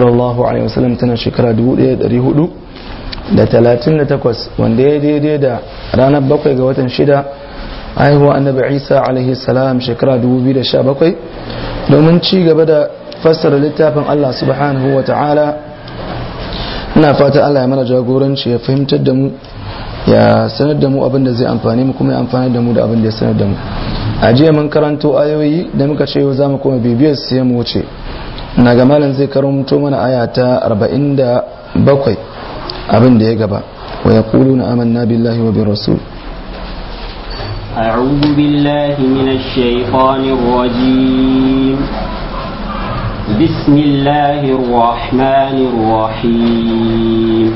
sallallahu alaihi wasallam tana shekara 1438 wanda ya daidai da ranar bakwai ga watan shida haihuwa annabi isa alaihi salam shekara 2017 domin ci gaba da fassara littafin allah subhanahu wa ta'ala ina fata allah ya mana jagoranci ya fahimtar da mu ya sanar da mu abin da zai amfani mu kuma ya amfani da mu da abin da ya sanar da mu a jiya mun karanto ayoyi da muka ce yau za mu kuma bibiyar su mu wuce na ga malam zai karanto mana aya ta 47 abin da ya gaba wa yaquluna amanna billahi wa bi rasul a'udhu billahi minash الشيطان الرجيم bismillahir rahmanir rahim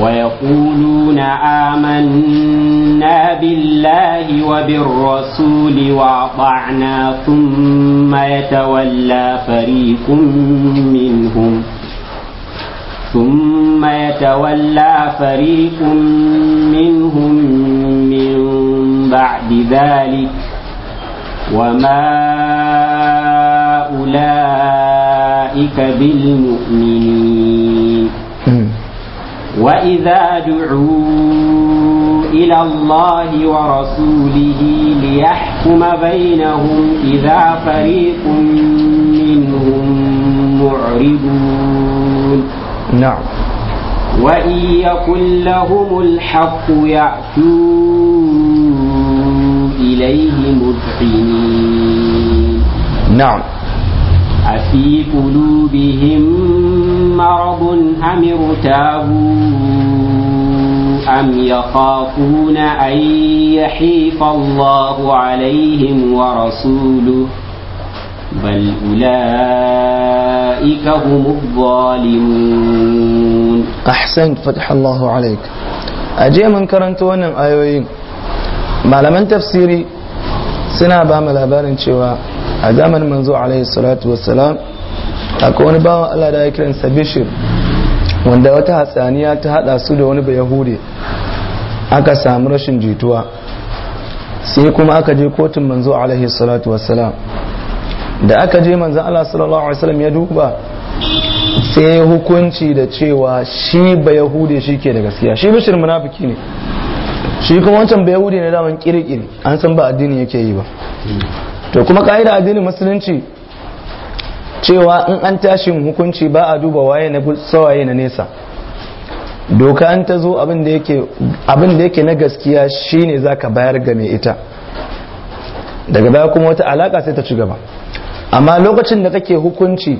ويقولون آمنا بالله وبالرسول وأطعنا ثم يتولى فريق منهم ثم يتولى فريق منهم من بعد ذلك وما أولئك بالمؤمنين وإذا دعوا إلى الله ورسوله ليحكم بينهم إذا فريق منهم معرضون نعم وإن يكن لهم الحق يأتوا إليه مذعنين نعم أفي قلوبهم أم ارتابوا أم يخافون أن يحيف الله عليهم ورسوله بل أولئك هم الظالمون أحسنت فتح الله عليك أجي من كرنت وانا آيوين malaman tafsiri suna ba labarin cewa a zamanin manzo alaihi salatu wassalam akwai wani bawan Allah da ya kiransa Bishir wanda wata hatsaniya ta hada su da wani bayahude aka samu rashin jituwa sai kuma aka je kotun manzo alaihi salatu wassalam da aka je manzo Allah sallallahu alaihi wasallam ya duba sai hukunci da cewa shi bayahude ke da gaskiya shi bishir munafiki ne shi kuma wancan bayahude ne daman kirkiri an san ba addini yake yi ba to kuma ka'ida addinin musulunci cewa in an tashin hukunci ba a duba waye na sawaye na nesa doka an ta zo abin da yake na gaskiya shine ka bayar ga mai ita daga baya kuma wata alaka sai ta ci gaba amma lokacin da kake hukunci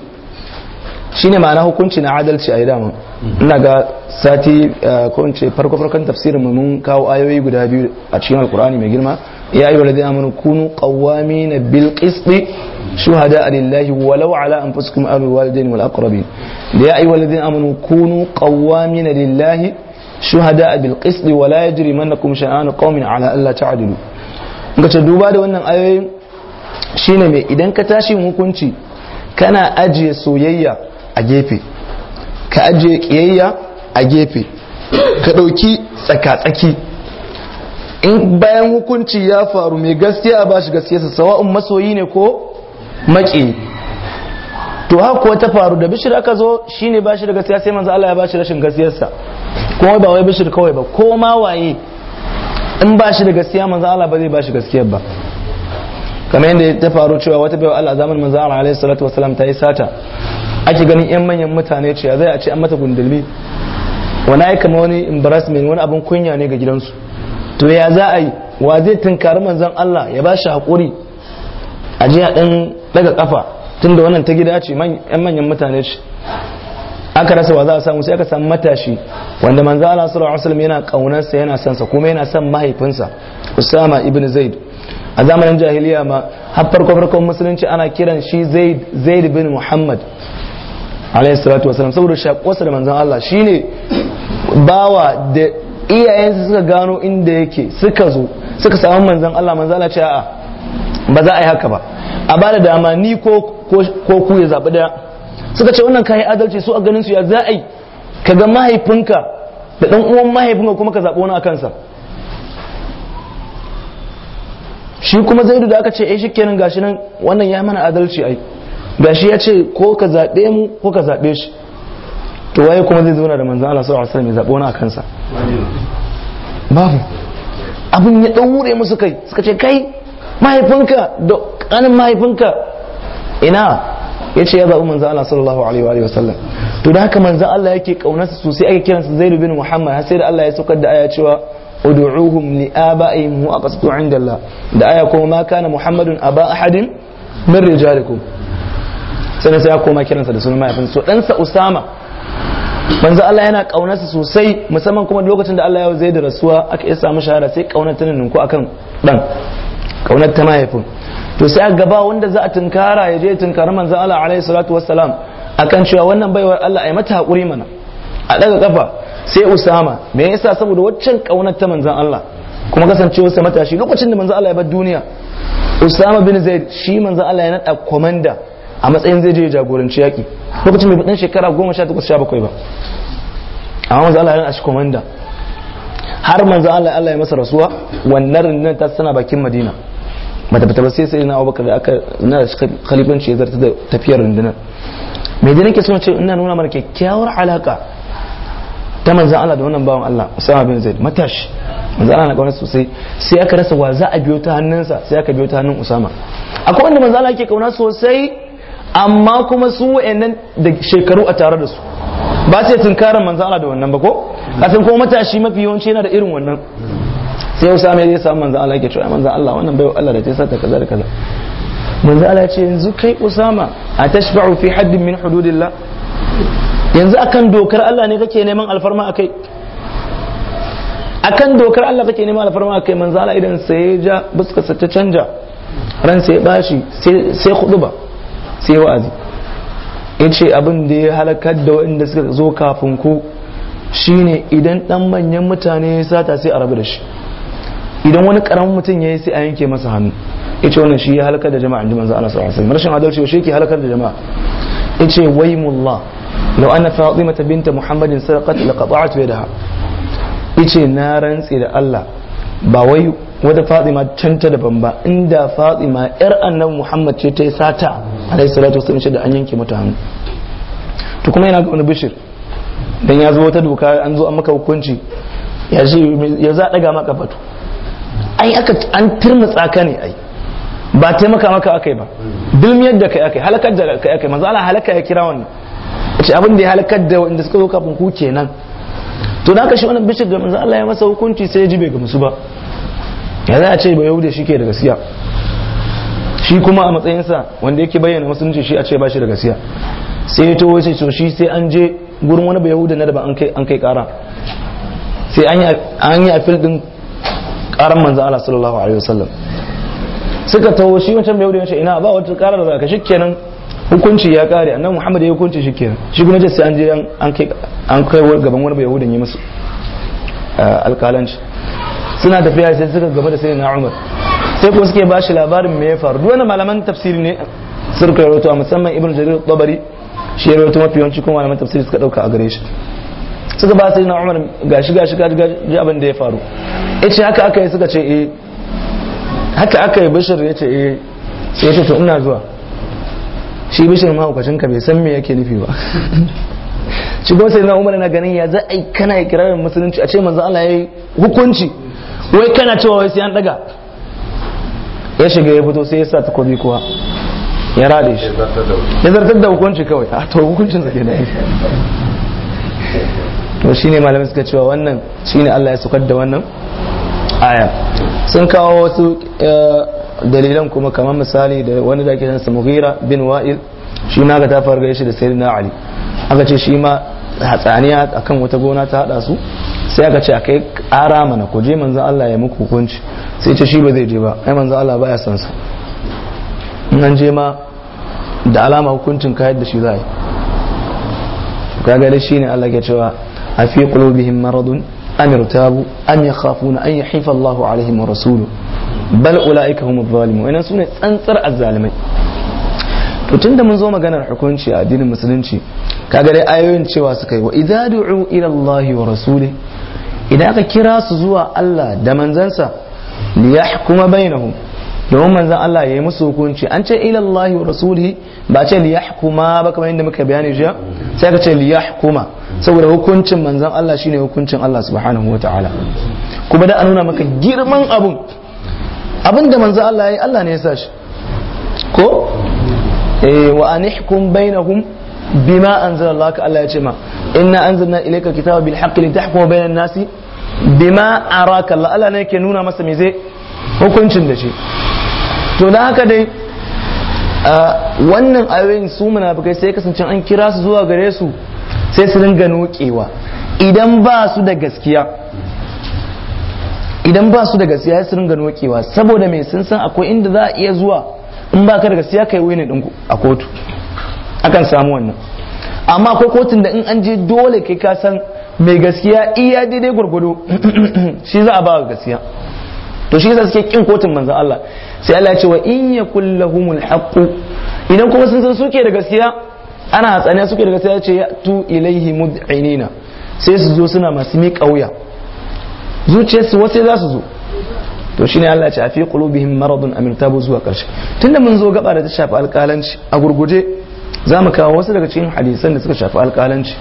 shine ma'ana hukunci na adalci a idan ina ga sati eh, ko farko farkon tafsirin mun kawo ayoyi guda biyu a cikin alkur'ani mai girma ya ayyuhal ladina amanu kunu qawwamina bil qisti shuhada lillahi walau ala anfusikum aw walidayn wal aqrabin ya ayyuhal ladina amanu kunu qawwamina lillahi shuhada bil qisti wa la yajrimannakum sha'anu qaumin ala alla ta'dilu ngace duba da wannan ayoyin shine mai idan ka tashi hukunci kana ajiye soyayya a gefe ka ajiye kiyayya a gefe ka ɗauki tsaka-tsaki in bayan hukunci ya faru mai gaskiya ba shi gaskiyarsa sawa'un masoyi ne ko maki to haka ta faru da bishir aka zo shine ba shi da gaskiya sai manzo Allah ya ba shi rashin gaskiyarsa kuma ba wai bishir kawai ba ko ma waye in ba shi da gaskiya manzo Allah ba zai ba shi gaskiyar ba kamar yadda ta faru cewa wata baiwa Allah zaman manzo Allah alaihi salatu wasalam ta yi sata ake ganin yan manyan mutane ce zai a ce an mata gundulmi wani aika wani embarrassment wani abin kunya ne ga gidansu to ya za a yi wa zai tunkari manzan Allah ya ba shi haƙuri a jiya ɗan daga kafa tunda wannan ta gida ce yan manyan mutane ce aka rasa wa za a samu sai aka samu matashi wanda manzan Allah sallallahu alaihi wasallam yana kaunarsa yana sansa kuma yana son mahaifinsa Usama ibn Zaid a zamanin jahiliya ma har farko musulunci ana kiran shi Zaid Zaid bin Muhammad alayhi salatu wasallam saboda shakosa da manzan Allah shine bawa da iyayensu suka gano inda yake suka zo suka samu manzan Allah manzan Allah cewa ba za a yi haka ba a bada dama ni ko ku ya zaɓi da suka ce wannan kayi adalci su a ganin su ya za a yi ka ga mahaifinka da ɗan uwan mahaifinka kuma ka zaɓi wani a kansa shi kuma zaidu da aka ce eh shikenan gashi nan wannan ya mana adalci ai gashi ya ce ko ka zaɓe mu ko ka zaɓe shi to waye kuma zai zauna da manzan Allah sallallahu alaihi wasallam ya zabo na kansa babu abin ya daure musu kai suka ce kai mahaifinka da kanin mahaifinka ina ya ce ya zaɓi manzan Allah sallallahu alaihi wasallam to da haka manzan Allah yake kaunarsa sosai ake kiran kiransa Zaid bin Muhammad har sai da Allah ya saukar da aya cewa ud'uhum li aba'ihim wa aqsitu 'inda Allah da aya kuma ma kana Muhammadun aba ahadin min rijalikum sai sai ya koma kiransa da sunan mahaifinsa to ɗansa Usama manzo Allah yana kaunarsa sosai musamman kuma lokacin da Allah ya zai da rasuwa aka iya samu shahara sai kaunar ta ninku akan dan kaunar ta mahaifin to sai a gaba wanda za a tunkara ya je tunkari manzo Allah alaihi salatu wassalam akan cewa wannan baiwar Allah ai mata hakuri mana a daga kafa sai Usama me yasa saboda waccan kaunar ta manzo Allah kuma kasancewarsa matashi lokacin da manzo Allah ya bar duniya Usama bin Zaid shi manzo Allah ya nada komanda a matsayin zai je jagoranci yaƙi lokacin mai fitan shekara goma sha takwas sha bakwai ba amma manzo Allah ya shi komanda har manzo Allah Allah ya masa rasuwa wannan rinnan ta sana bakin Madina bata fita ba sai sai na Abubakar da aka na khalifanci ya zarta da tafiyar rundunar mai da nake so ce ina nuna mana kyakkyawar alaka ta manzan Allah da wannan bawan Allah Usama bin Zaid matashi manzan Allah na kauna sosai sai aka rasa wa za a biyo ta hannunsa sai aka biyo ta hannun Usama akwai wanda manzan Allah ke kauna sosai amma kuma su wa'annan da shekaru a tare da su ba sai tunkarar manzo Allah da wannan ba ko a sun kuma matashi mafi yawanci yana da irin wannan sai yau sami ya samu manzo Allah ke cewa manzo Allah wannan bai Allah da ta sa ta kaza da kaza manzo Allah ya ce yanzu kai Usama a tashba'u fi haddin min hududillah yanzu akan dokar Allah ne kake neman alfarma akai akan dokar Allah kake neman alfarma akai manzo Allah idan sai ya ja buskarsa ta canja ran sai ya bashi sai sai ba. sai wa'azi ya ce abin da ya halakar da waɗanda suka zo kafin ku shine idan ɗan manyan mutane ya sata sai a rabu da shi idan wani ƙaramin mutum ya yi sai a yanke masa hannu ya ce wannan shi ya halakar da jama'a inda manzo Allah sallallahu alaihi rashin adalci shi ke halakar da jama'a ya ce wai waymullah law anna fatima binta muhammadin sadaqat da ha ya ce na rantsi da Allah ba wai wata fatima can ta daban ba inda fatima yar annan muhammad ce ta yi sata alaihi salatu wasallam ce da an yanke mata hannu to kuma yana ga wani bishir dan ya zo wata doka an zo an maka hukunci ya ce ya za daga maka fatu ai aka an turma tsaka ne ai ba taimaka maka aka yi ba dulmiyar da kai yi. halakar da kai yi. manzo Allah halaka ya kira wannan ce abin da ya halakar da wanda suka zo kafin ku kenan to da aka shi wannan bishir da manzo Allah ya masa hukunci sai ya ji bai gamsu ba ya za a ce ba yahuda shi ke da gaskiya shi kuma a matsayinsa wanda yake bayyana musulunci shi a ce ba shi da gaskiya sai ya towo sai shi sai an je gurin wani yahuda na da ba an kai kara sai an yi afil din karan manzo Allah sallallahu alaihi wasallam suka tawo shi wancan yahuda ya ce ina ba wata kara da za ka kenan hukunci ya kare annabi muhammad ya hukunci shi kenan shi kuma sai an je an kai an gaban wani bai yahudin yi musu alkalanci suna tafiya sai suka gaba da sayyidina umar sai kuma suke ba shi labarin me ya faru duk wani malaman tafsiri ne suka rawaito a musamman ibn jarir tabari shi ya rawaito mafi yawanci kuma malaman tafsiri suka dauka a gare shi suka ba sayyidina umar gashi gashi gashi abin da ya faru yace haka aka yi suka ce eh haka aka yi bashir yace eh sai ya ce to ina zuwa shi bishir mahaukacin ka bai san me yake nufi ba shi kuma sai na umar na ganin ya za a yi kana ikirarin musulunci a ce manzo Allah ya yi hukunci wai kana cewa wai sai an daga ya shiga ya fito sai ya sa takobi kuwa ya rade shi ya zartar da hukunci kawai a to hukuncin zai da to shine malamai suka cewa wannan shine Allah ya sukar da wannan aya sun kawo wasu eh, dalilan kuma kamar misali da wani da ke nan mughira bin wa'il shi ma ga ta farga shi da sayyidina ali aka ce shi ma hatsaniya akan wata gona ta hada su sai aka ce akai ƙara mana ku je manzo Allah ya muku hukunci sai ce shi ba zai je ba ai manzo Allah baya san sa nan je ma da alama hukuncin ka yadda shi za yi ga dai shine Allah ke cewa a fi qulubihim maradun am irtabu am yakhafuna an yahifa Allahu alaihim wa rasuluhu bal ula'ika humu zalimu wannan sune tsantsar azzalimai to tunda mun zo maganar hukunci a addinin musulunci kaga dai ayoyin cewa suka yi wa idza du'u ila Allah wa rasuli idan aka kira su zuwa Allah da manzansa li yahkuma bainahum domin manzan Allah ya yi musu hukunci an ce ila Allah wa rasuli ba ce li yahkuma ba kamar yadda muka bayani jiya sai aka ce li yahkuma saboda hukuncin manzan Allah shine hukuncin Allah subhanahu wataala kuma da an nuna maka girman abun abinda manzo Allah yayi Allah ne ya sa shi ko eh wa anihkum bainahum bima anzalallahu Allah ya ce ma inna anzalna ilayka kitaba bil haqqi litahkuma bainan nasi bima araka Allah Allah ne yake nuna masa me zai hukuncin da shi to dan haka dai wannan ayoyin su munafikai sai kasance an kira su zuwa gare su sai su dinga nokewa idan ba su da gaskiya idan ba su da gaskiya su ringa nokewa saboda mai sun san akwai inda za a iya zuwa in ba ka da gaskiya kai wani dinku a kotu akan samu wannan amma akwai kotun da in an je dole kai ka san mai gaskiya iya daidai gwargwado shi za a ba gaskiya to shi su suke kin kotun manza. Allah sai Allah ya ce wa in yakul haqq idan kuma sun san suke da gaskiya ana hatsaniya suke da gaskiya ya ce ya tu ilaihi mud'inina sai su zo suna masu miƙa wuya zuciyarsu wasu za su zo to shine Allah ya ce a qulubihim maradun am irtabu zuwa karshe tunda mun zo gaba da ta shafi alƙalanci a gurguje za mu kawo wasu daga cikin hadisan da suka shafi alƙalanci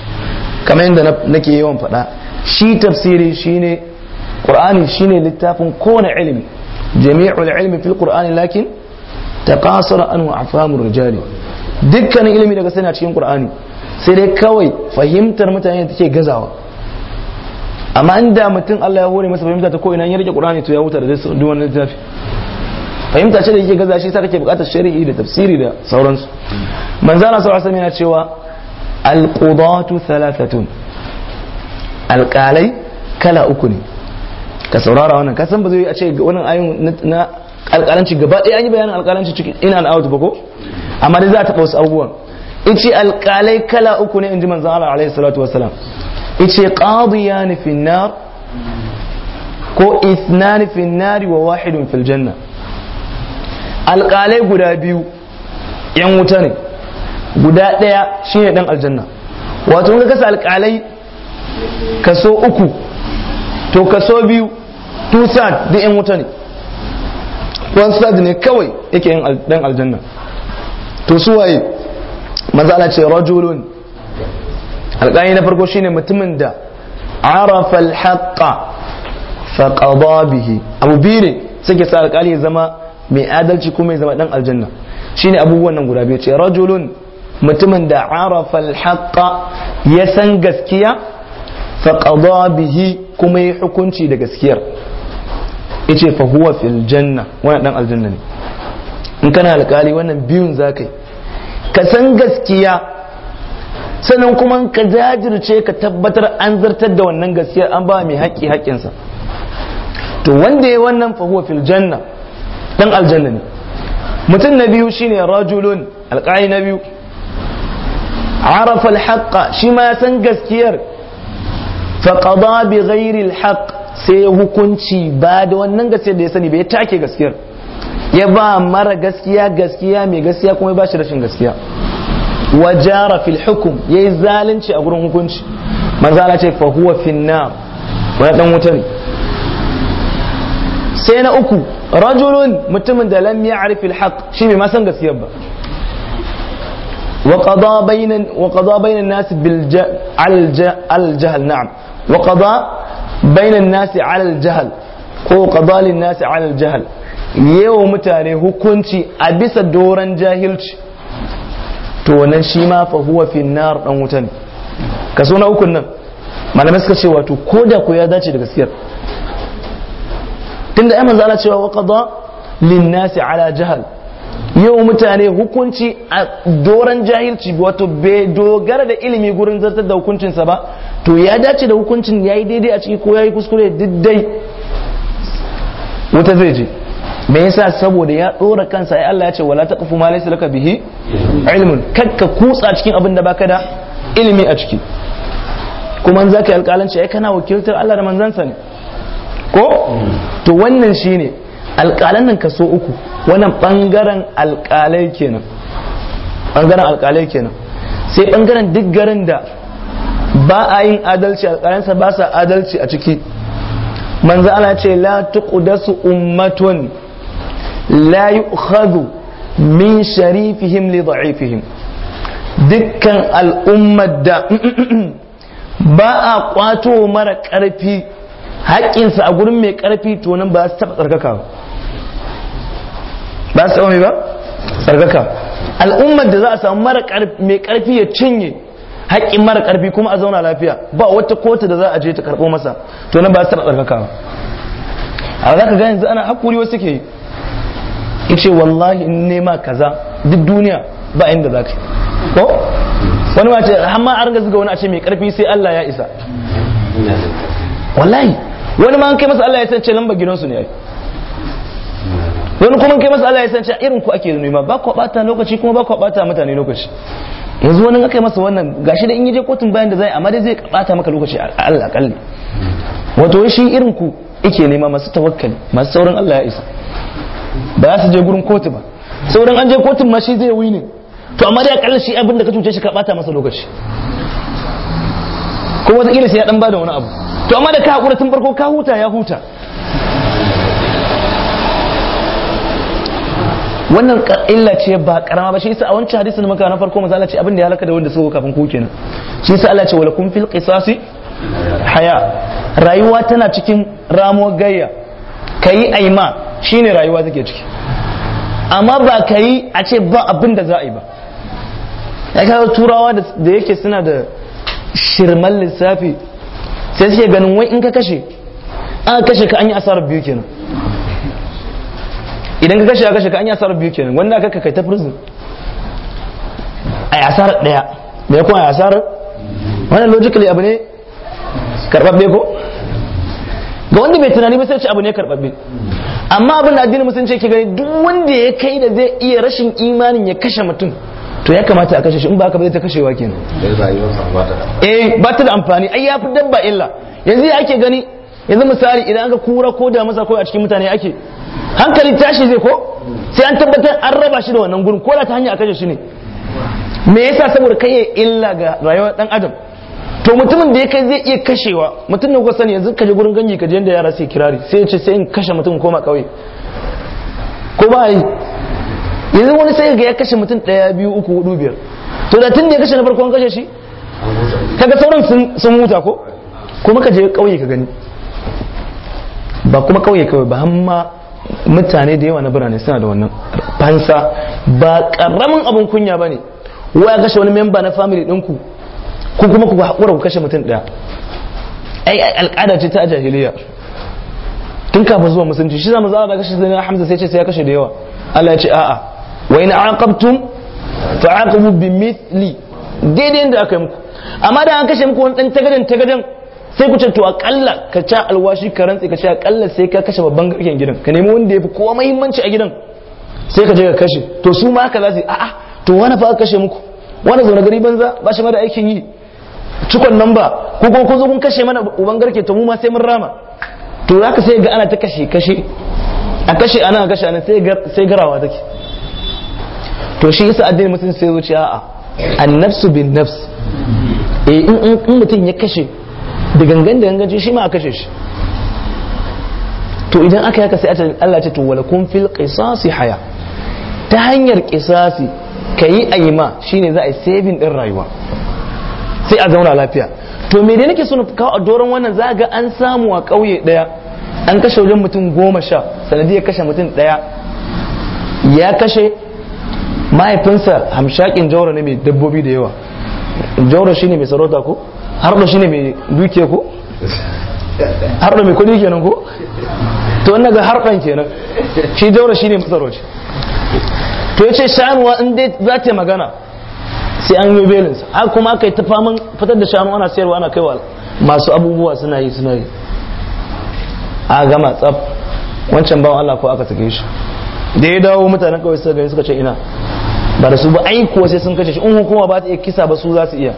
kamar yadda nake yawan faɗa shi tafsiri shine qur'ani shine littafin kowane ilimi jami'ul ilmi fil qur'ani lakin taqasara wa afhamur rijali dukkanin ilimi daga sana cikin qur'ani sai dai kawai fahimtar mutane take gazawa amma inda mutum Allah ya hore masa fahimta ta ko ina ya rike Qur'ani to ya huta da duk wani littafi fahimta ce da yake gaza shi sa take bukatar shari'i da tafsiri da sauransu Allah sallallahu alaihi yana cewa alqudatu thalathatun alqalai kala uku ne ka saurara wannan ka san ba zai a ce wannan ayin na alƙalanci gaba ɗaya an yi bayanin alƙalanci cikin ina al'awatu ba ko amma dai za ta taɓa wasu abubuwan in ce alƙalai kala uku ne in ji manzo Allah alaihi salatu wasallam ice qadiyan fi nar ko ithnan fi nar wa wahidun fil janna alqalai guda biyu yan wuta ne guda daya shine dan aljanna wato ga kasa alqalai kaso uku to kaso biyu tusad sad da yan wuta ne one sad ne kawai yake yan dan aljanna to su waye maza ce rajulun alƙani na farko shine mutumin da arafa alhaqqa fa qada bihi abu biyu suke sa alƙali ya zama mai adalci kuma ya zama dan aljanna shine abubuwan nan guda biyu ce rajulun mutumin da arafa alhaqqa ya san gaskiya fa bihi kuma ya hukunci da gaskiyar yace fa huwa fil janna wannan dan aljanna ne in kana alƙali wannan biyun zakai ka san gaskiya sannan kuma ka jajirce ka tabbatar an zartar da wannan gaskiyar an ba mai haƙƙi haƙƙinsa to wanda ya wannan fa huwa fil janna dan aljanna ne mutum na biyu shine rajulun alƙali na biyu arafa alhaqqa shi ma ya san gaskiyar fa qada bi ghairi sai hukunci ba da wannan gaskiyar da ya sani ba ya take gaskiyar ya ba mara gaskiya gaskiya mai gaskiya kuma ya ba shi rashin gaskiya wa jara fil hukum yayi zalunci a gurin hukunci manzo Allah ce fa huwa finnar wani dan wuta ne sai na uku rajulun mutumin da lam ya'rif al haqq shi bai ma san gaskiyar ba wa qada bainan wa qada bainan ko qada lin yawa mutane hukunci a bisa doran jahilci to wannan shi ma fa huwa fi nar dan wuta ne kaso na ukun nan malamai suka ce wato ko da ko ya dace da gaskiyar tunda ai manzo Allah cewa wa qada lin nasi ala jahal yau mutane hukunci a doran jahilci wato bai dogara da ilimi gurin zartar da hukuncinsa ba to ya dace da hukuncin ya yi daidai a ciki ko ya yi kuskure duk dai wuta zai je me yasa saboda ya dora kansa ai Allah ya ce wala taqfu ma laysa laka bihi ilmun kakka kutsa cikin abin da baka da ilimi a ciki kuma zaka yi alƙalanci ai kana wakiltar Allah da manzansa ne ko to wannan shine alƙalan nan kaso uku wannan bangaren alƙalai kenan bangaren alƙalai kenan sai bangaren duk garin da ba a yin adalci alƙalansa ba sa adalci a ciki manzo Allah ce la tuqdasu ummatun la yu'khadhu min sharifihim li da'ifihim dukkan al'ummar da ba a kwato mara karfi haƙƙinsa a gurin mai karfi to nan ba su taɓa tsarkaka ba su taɓa ba tsarkaka al'ummar da za a samu mara mai karfi ya cinye haƙƙin mara karfi kuma a zauna lafiya ba wata kota da za a je ta karɓo masa to nan ba su taɓa tsarkaka a za ka ga yanzu ana haƙuri wasu ke yi ya ce wallahi in nema kaza duk duniya ba inda za ka ko wani ma ce amma an gaza ga wani a ce mai karfi sai Allah ya isa wallahi wani ma an kai masa Allah ya sance ce lamba gidansu ne ai wani kuma kai masa Allah ya sance ce irin ku ake nema ba ku bata lokaci kuma ba ku bata mutane lokaci yanzu wani aka yi masa wannan gashi da in yi je kotun bayan da zai amma dai zai bata maka lokaci a Allah kalli wato shi irin ku yake nema masu tawakkali masu saurin Allah ya isa ba za su je gurin kotu ba sauran an je kotun ma shi zai wini to amma dai akalla shi abin da ka cuce shi ka bata masa lokaci ko wata kila sai ya dan bada wani abu to amma da ka hakura tun farko ka huta ya huta wannan illa ce ba karama ba shi yasa a wancan hadisin maka na farko manzo Allah ce abin da ya halaka da wanda suka kafin ku kenan shi yasa Allah ce wala kun fil qisasi haya rayuwa tana cikin ramuwar gayya kai aima Shi ne rayuwa take ciki amma ba ka yi a ce ba abin da za a yi ba ya kawo turawa da yake suna da shirman lissafi sai suke ganin wai in ka kashe an kashe ka an yi asarar biyu kenan idan ka kashe ka kashe ka an yi asarar biyu kenan wanda aka kai ta prison a yi asarar daya da ya kuma a asarar wannan logically abu ne karbabbe ko ga wanda bai tunani ba sai ce abu ne karbabbe amma abin da addinin musulunci yake gani duk wanda ya kai da zai iya rashin imanin ya kashe mutum to ya kamata a kashe shi in ba ka ba zai ta kashewa kenan eh ba ta da amfani ai ya fi dabba illa yanzu ya ake gani yanzu misali idan aka kura ko da masa ko a cikin mutane ake hankali tashi zai ko sai an tabbatar an raba shi da wannan gurin ko da ta hanya a kashe shi ne me yasa saboda kai illa ga rayuwar dan adam to mutumin da ya kai zai iya kashewa mutum da kuka sani yanzu kaje gurin gangi kaje yadda yara sai kirari sai ya ce sai in kashe mutum koma kauye ko ba yi yanzu wani sai ga ya kashe mutum ɗaya biyu uku hudu biyar to da tun da ya kashe na farkon kashe shi kaga sauran sun huta ko kuma ka je kauye ka gani ba kuma kauye kawai ba amma mutane da yawa na birane suna da wannan fansa ba karamin abin kunya ba ne waya kashe wani memba na family ɗinku ku kuma ku haƙura ku kashe mutum ɗaya ai al'ada ce ta jahiliya tun kafin zuwa musulunci shi zama zaɓa kashe zai na hamza sai ce sai ya kashe da yawa Allah ya ce a'a wa an aqabtum fa aqibu bi mithli daidai da aka yi muku amma da an kashe muku wani ɗan tagadan tagadan sai ku ce to aƙalla ka ca alwashi ka rantsi ka ce aƙalla sai ka kashe babban garken gidan ka nemi wanda ya fi kowa mahimmanci a gidan sai ka je ka kashe to su ma haka za su a'a to wani fa aka kashe muku wani zaune gari banza ba shi ma da aikin yi cikon nan ba ko kuma kun zo kun kashe mana uban garke to mu ma sai mun rama to zaka sai ga ana ta kashe kashe a kashe ana a kashe ana sai garawa take to shi yasa addini mutum sai zuci a'a annafsu bin nafs eh in mutum ya kashe da gangan da gangan shi ma a kashe shi to idan aka yaka sai Allah ce to walakum fil qisasi haya ta hanyar qisasi kayi ayima shine za a yi saving din rayuwa sai a zauna lafiya to me dai nake so kawo a doron wannan za ga an samu a ƙauye ɗaya an kashe wajen mutum goma sha ya kashe mutum ɗaya ya kashe mahaifinsa hamshakin jauro ne mai dabbobi da yawa jauro shine mai sarauta ko harɗo shine mai duke ko harɗo mai kuɗi kenan ko to wannan ga harɗon kenan shi jauro shine masarauci to ya ce shanuwa in dai za ta magana sai an yi belinsa har kuma aka yi ta faman fitar da shanu ana sayarwa ana kaiwa masu abubuwa suna yi suna yi a gama tsaf wancan bawan Allah ko aka sake shi da ya dawo mutanen kawai suka gani suka ce ina ba da su ba ai kuwa sai sun kashe shi in hukuma ba ta iya kisa ba su za su iya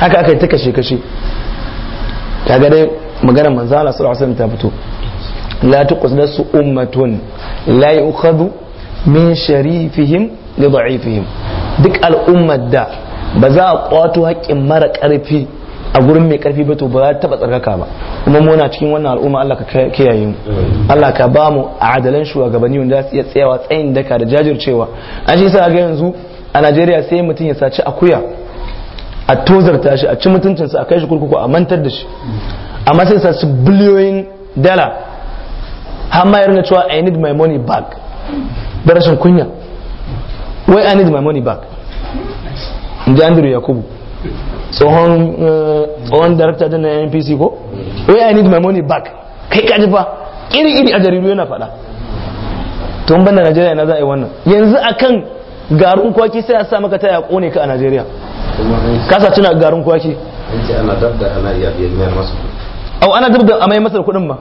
haka aka yi ta kashe kashe ta ga dai maganar manzo Allah sallallahu alaihi ta fito la tuqdasu ummatun la yu'khadhu min sharifihim li da'ifihim duk al'ummar da ba za a kwato haƙƙin mara ƙarfi a gurin mai ƙarfi ba to ba za ta taɓa tsarkaka ba kuma muna cikin wannan al'umma Allah ka kiyaye mu Allah ka ba mu adalan shugabanni wanda su iya tsayawa tsayin daka da jajircewa an shi sa ga yanzu a Najeriya sai mutum ya saci akuya a tozarta shi a ci mutuncinsa a kai shi kurkuku a mantar da shi amma sai saci biliyoyin dala har ma yarda cewa I need my money back da rashin kunya why I need my money back in ji Andrew Yakubu tsohon eh, tsohon director din na NPC ko why I need my money back kai kaji fa iri iri a jaridu yana faɗa tun ban da Najeriya na za a yi wannan yanzu akan garin kwaki sai a sa maka taya kone ka a Najeriya kasa tuna garin kwaki ana dab da ana iya biyan mayar masu. au ana dab da a mai masa kuɗin ba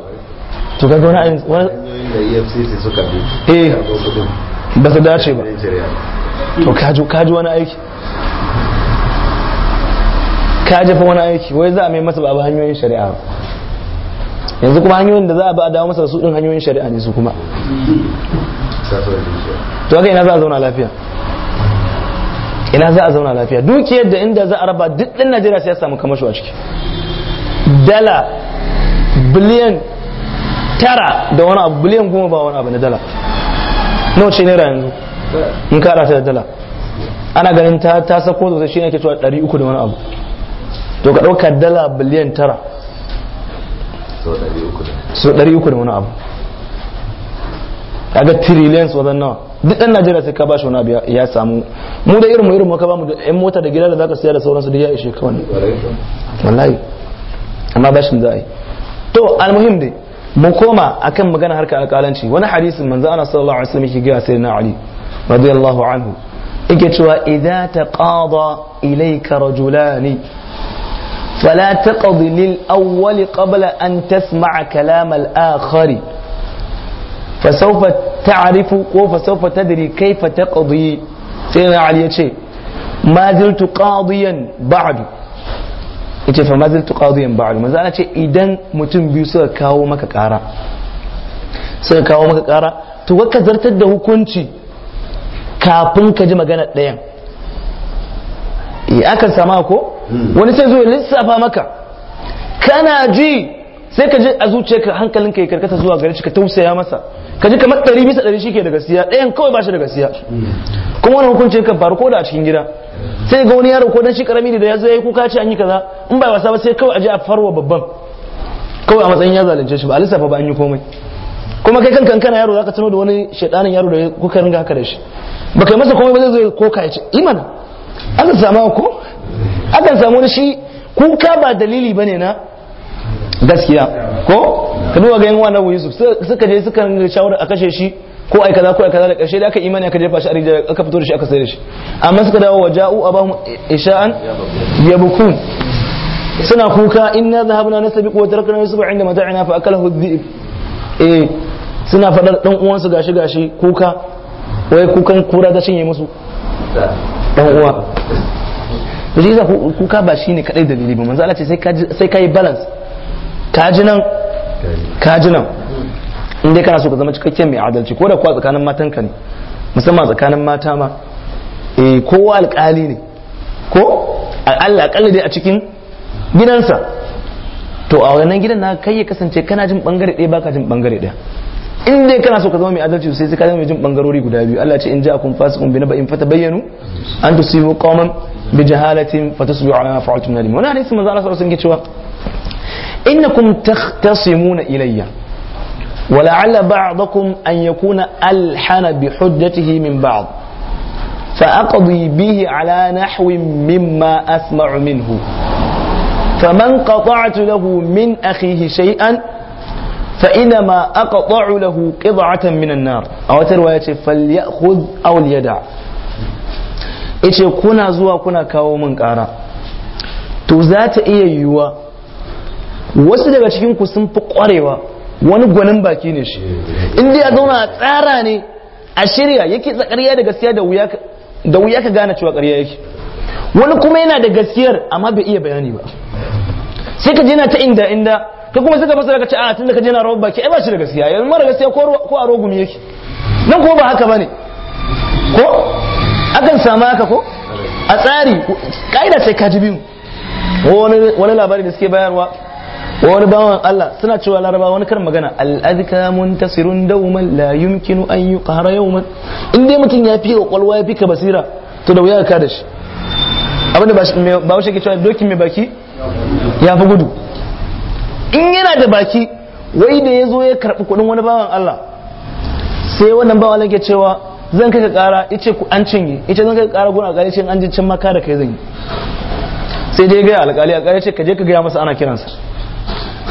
to kaga wani wani da EFCC suka bi eh ba su dace ba to kaji wani aiki kaji fa wani aiki wai za a mai masa ba ba hanyoyin shari'a yanzu kuma hanyoyin da za a ba a dawo masa su din hanyoyin shari'a ne su kuma to haka ina za a zauna lafiya ina za a zauna lafiya dukiyar da inda za a raba duk ɗin najeriya sai ya samu kamasho a ciki dala biliyan tara da wani abu biliyan goma ba wani abu na dala nawa ce naira yanzu in ka ta da dala ana ganin ta ta sako sosai shine ake cewa 300 da wani abu to ka dauka dala biliyan tara so 300 da wani abu kaga trillions wajen nawa duk dan Najeriya sai ka bashi wani abu ya samu mu da irin mu irin mu ka bamu da yan mota da gida da zaka siya da sauransu da ya ishe ka wallahi amma bashin za'a yi to almuhim dai mu koma akan magana harka alƙalanci wani hadisin manza ana sallallahu alaihi wasallam yake ga sai na ali radiyallahu anhu yake cewa idza taqada ilayka rajulani fala taqdi lil awwal qabla an tasma' kalam al akhar fasawfa ta'rifu ko fasawfa tadri kayfa taqdi sai na ali yace ma zultu qadiyan yace fa mazal tuqadiyan ba'd maza ana ce idan mutum biyu suka kawo maka kara suka kawo maka kara to wa zartar da hukunci kafin ka ji magana ɗayan eh akan sama ko hmm. wani sai zo lissafa maka kana ji sai ka ji a zuciyarka hankalinka ya karkata zuwa gare shi ka tausaya masa ka ji kamar ɗari bisa ɗari shike da gaskiya ɗayan kawai ba shi da gaskiya kuma wani hukuncin kan faru ko da a cikin gida sai ga wani yaro ko dan shi karami da ya zo yayi kuka ce an yi kaza in ba wasa ba sai kawai a je a farwa babban kawai a matsayin ya zalunce shi ba a lissafa ba an yi komai kuma kai kan kankana yaro zaka tuno da wani shaidanin yaro da kuka ringa haka da shi ba kai masa komai ba zai zo koka ya ce imana an samu ko akan samu wani shi kuka ba dalili bane na gaskiya ko ka duba ga yanwa na Yusuf suka je suka ringa shawara a kashe shi ko ai kaza ko ai kaza da karshe da aka imani aka jefa shi a rijiya aka fito da shi aka sayar da shi amma suka dawo waja'u abahum isha'an yabkun suna kuka inna zahabna nasabiqu wa tarakna yusufa inda mata'ina fa akalahu dhi'b eh suna fadar dan uwansu gashi gashi kuka wai kukan kura ta cinye musu dan uwa to shi kuka ba shine kadai dalili ba manzo Allah ce sai ka sai kai balance ka ji nan ka kana so ka zama cikakken mai adalci ko da kuwa tsakanin matan ka ne musamman tsakanin mata ma eh, kowa alƙali ne ko Allah alƙali dai a cikin gidansa to a wannan gidan na kai ya kasance kana jin bangare ɗaya baka jin bangare ɗaya inda kana so ka zama mai adalci sai sai ka zama mai jin bangarori guda biyu Allah ce in ja ja'akum fasiqun bi naba'in bayyanu an tusibu qauman bi jahalatin fatusbihu ala ma fa'altum nadim wannan hadisi manzo Allah sallallahu alaihi wasallam ke cewa إنكم تختصمون إلي ولعل بعضكم أن يكون ألحن بحجته من بعض فأقضي به على نحو مما أسمع منه فمن قطعت له من أخيه شيئا فإنما أقطع له قطعة من النار أو ترواية فليأخذ أو ليدع إيش كنا زوا كنا كاو من كارا تو ذات إيه يوا wasu daga cikin ku sun fi kwarewa wani gwanin baki ne shi inda ya zauna a tsara ne a shirya yake tsakariya da gaskiya da wuya ka gane cewa ƙarya yake wani kuma yana da gaskiyar amma bai iya bayani ba sai ka jina ta inda inda ka kuma suka fasa daga ci'a a da ka ah, jina rawar baki ai ba shi da gaskiya yanzu mara gaskiya ko a rogumi yake nan ko ba haka bane ko akan samu haka ko a tsari ka'ida sai ka ji biyu wani labari da suke bayarwa wani bawan Allah suna cewa laraba wani karin magana al'adka muntasirun dauman la yumkinu an yi qahara yawman in dai mutum ya fi kwakwalwa ya fi ka basira to da wuya ka da shi abinda ba wuce ke cewa dokin mai baki ya fi gudu in yana da baki wai da ya zo ya karɓi kuɗin wani bawan Allah sai wannan bawan Allah ke cewa zan kai ka ƙara ku an cinye ice zan kai ka ƙara gona a ƙarshen an jin cin maka da kai zan yi sai dai gaya alƙali a ƙarshe ka je ka gaya masa ana kiransa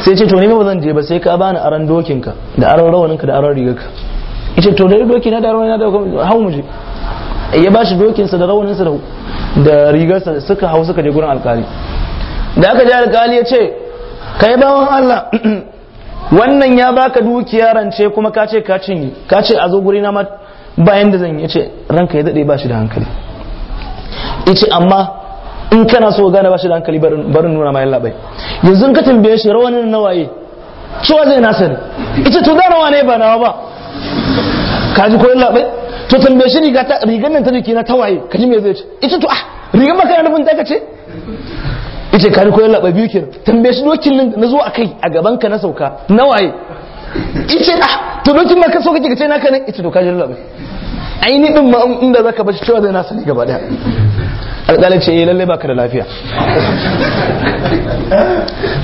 sai ce to ni ba zan je ba sai ka bani aran dokin ka da aran rawaninka ka da aran rigarka ka yace to da doki na da rawanin da hau mu je ya bashi shi dokinsa da rawanin sa da rigarsa sa suka hau suka je gurin alkali da aka je alkali ya ce kai bawan Allah wannan ya baka dukiya rance kuma ka ce ka cinye ka ce a zo guri na ma bayan da zan yi ce ranka ya dade ba shi da hankali ce amma in kana so gane ba shi da hankali barin nuna ma labai yanzu ka tambaye shi na waye cewa zai nasa sani ita to da ne ba nawa ba ka ji koyon labai to tambaye shi riga ta rigan nan ta jiki na tawaye ka ji me zai ce ita to ah rigan ba kana nufin ka ce ita ka ji koyon labai biyu ke tambaye shi dokin nan na zo a kai a gaban ka na sauka na waye? ita ah to dokin ma ka so kake ka ce na ne ita to ka ji labai ainihin ma inda zaka bar cewa zai nasa sani gaba daya alƙalin ce lalle eh, lalle baka da lafiya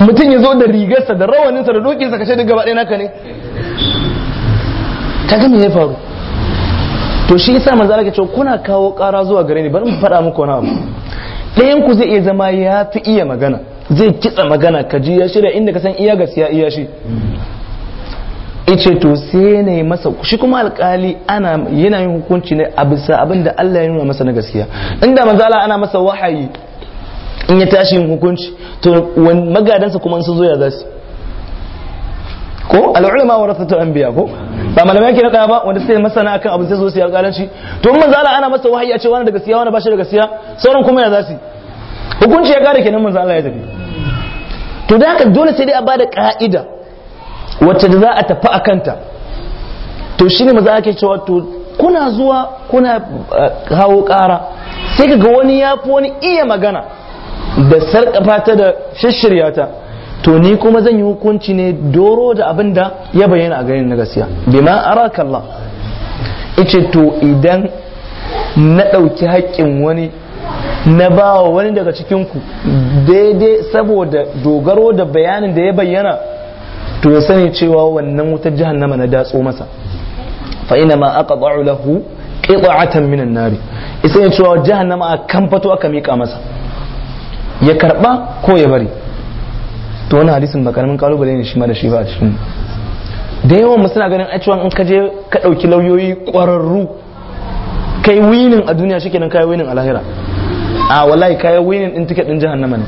mutum ya zo da rigarsa da rawaninsa da dokinsa kashe duk gaba naka ne Ta gami ya faru to shi yasa manzara ka ce kuna kawo ƙara zuwa gare ni bari mu faɗa muku wani abu ɗayan ku zai iya zama ya fi iya magana zai kitsa magana ka ji ya shirya inda ka san iya gaskiya iya shi ice to sai ne masa shi kuma alkali ana yana yin hukunci ne a bisa abin da Allah ya nuna masa na gaskiya inda manzo Allah ana masa wahayi in ya tashi yin hukunci to magadansa kuma sun zo ya zasu ko al'ulama warathatul anbiya ko ba malamai yake naka ba wanda sai masana akan abin sai zo su alƙalanci to in manzo Allah ana masa wahayi a ce wani da gaskiya wani ba shi da gaskiya sauran kuma ya zasu hukunci ya gare kenan manzo Allah ya tafi to da haka dole sai dai a bada ka'ida wacce da za a tafi a kanta to shi ne maza ake cewa to kuna zuwa kuna eh, hawo kara sai ga wani ya fi wani iya magana da sarƙafa ta da shishirya ta to ni kuma zan yi hukunci ne doro da abin da ya bayyana a ganin na gaskiya bima kalla ice to idan na ɗauki haƙƙin wani na ba wa wani daga cikinku daidai saboda dogaro da bayanin da ya bayyana to ya sani cewa wannan wutar jahannama na datso masa fa ina ma aka lahu qita'atan minan nari ya ne cewa jahannama a kan fato aka mika masa ya karba ko ya bari to wani hadisin ba karamin kalubale ne shi ma da shi ba a da yawan mu suna ganin cewa in ka je ka dauki lauyoyi kwararru kai winin a duniya shikenan kai winin a lahira a wallahi kai winin din ticket din jahannama ne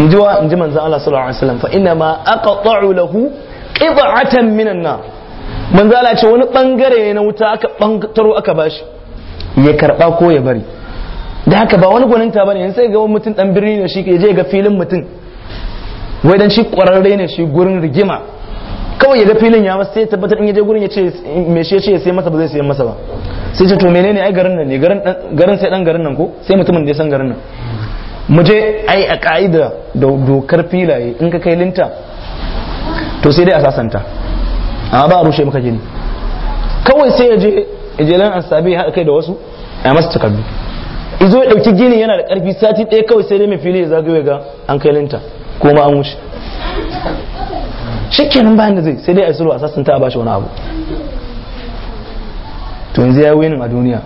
in ji wa in ji Allah sallallahu alaihi wasallam fa inna ma aqta'u lahu qit'atan minan nar manzo Allah ce wani bangare ne na wuta aka bantaro aka bashi ya karba ko ya bari da haka ba wani gwaninta bane yanzu sai ga wani mutum dan birni ne shi ke je ga filin mutum wai dan shi kwararre ne shi gurin rigima kawai ya ga filin ya masa sai tabbatar in ya je gurin ya ce me shi ce sai masa ba zai sayan masa ba sai ce to menene ai garin nan ne garin sai dan garin nan ko sai mutumin da ya san garin nan Muje je ai a ka'ida da dokar filaye in ka kai linta to sai dai a sasanta amma ba a rushe maka gini kawai sai ya je ijelan ansabi haɗa kai da wasu a masa takardu izo ya ɗauki gini yana da karfi sati ɗaya kawai sai dai mai fili ya zagaye ga an kai linta kuma an wuce shikenan bayan da zai sai dai a sulwa sasanta a bashi wani abu to yanzu ya winin a duniya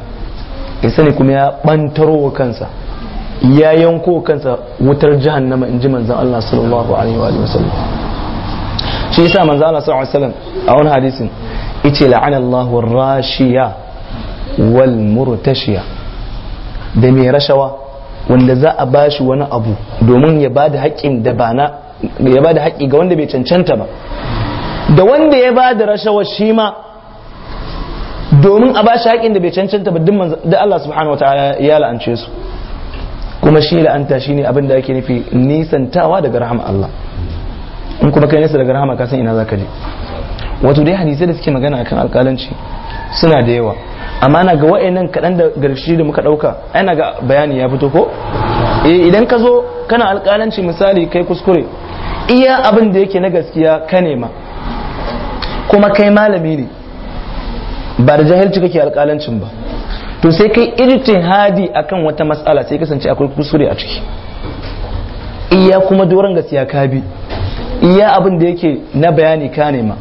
ya sani kuma ya ɓantarwa kansa ya yanko kansa wutar jahannama in ji manzan Allah sallallahu alaihi wa sallam shi yasa manzan Allah sallallahu alaihi wa sallam a wani hadisin yace la'ana Allah rashiya wal murtashiya da mai rashawa wanda za a bashi wani abu domin ya bada haƙƙin da ba na ya bada haƙƙi ga wanda bai cancanta ba da wanda ya bada rashawa shi ma domin a bashi haƙƙin da bai cancanta ba duk Allah subhanahu wa ta'ala ya la'ance su kuma shi la'anta shine abin da ake nufi nisantawa daga rahama Allah in kuma kai nisa daga rahama ka san ina zaka je wato dai hadisai da suke magana akan alƙalanci suna da yawa amma na ga wa'annan kaɗan da garshi da muka ɗauka ana ga bayani ya fito ko eh, idan ka zo kana alƙalanci misali kai kuskure iya abin da yake na gaskiya ka nema kuma kai malami ne ba da jahilci kake alƙalancin ba to sai kai hadi akan wata matsala sai kasance akwai kusuri a ciki iya kuma doron gaskiya ka bi iya abin da yake na bayani ka nema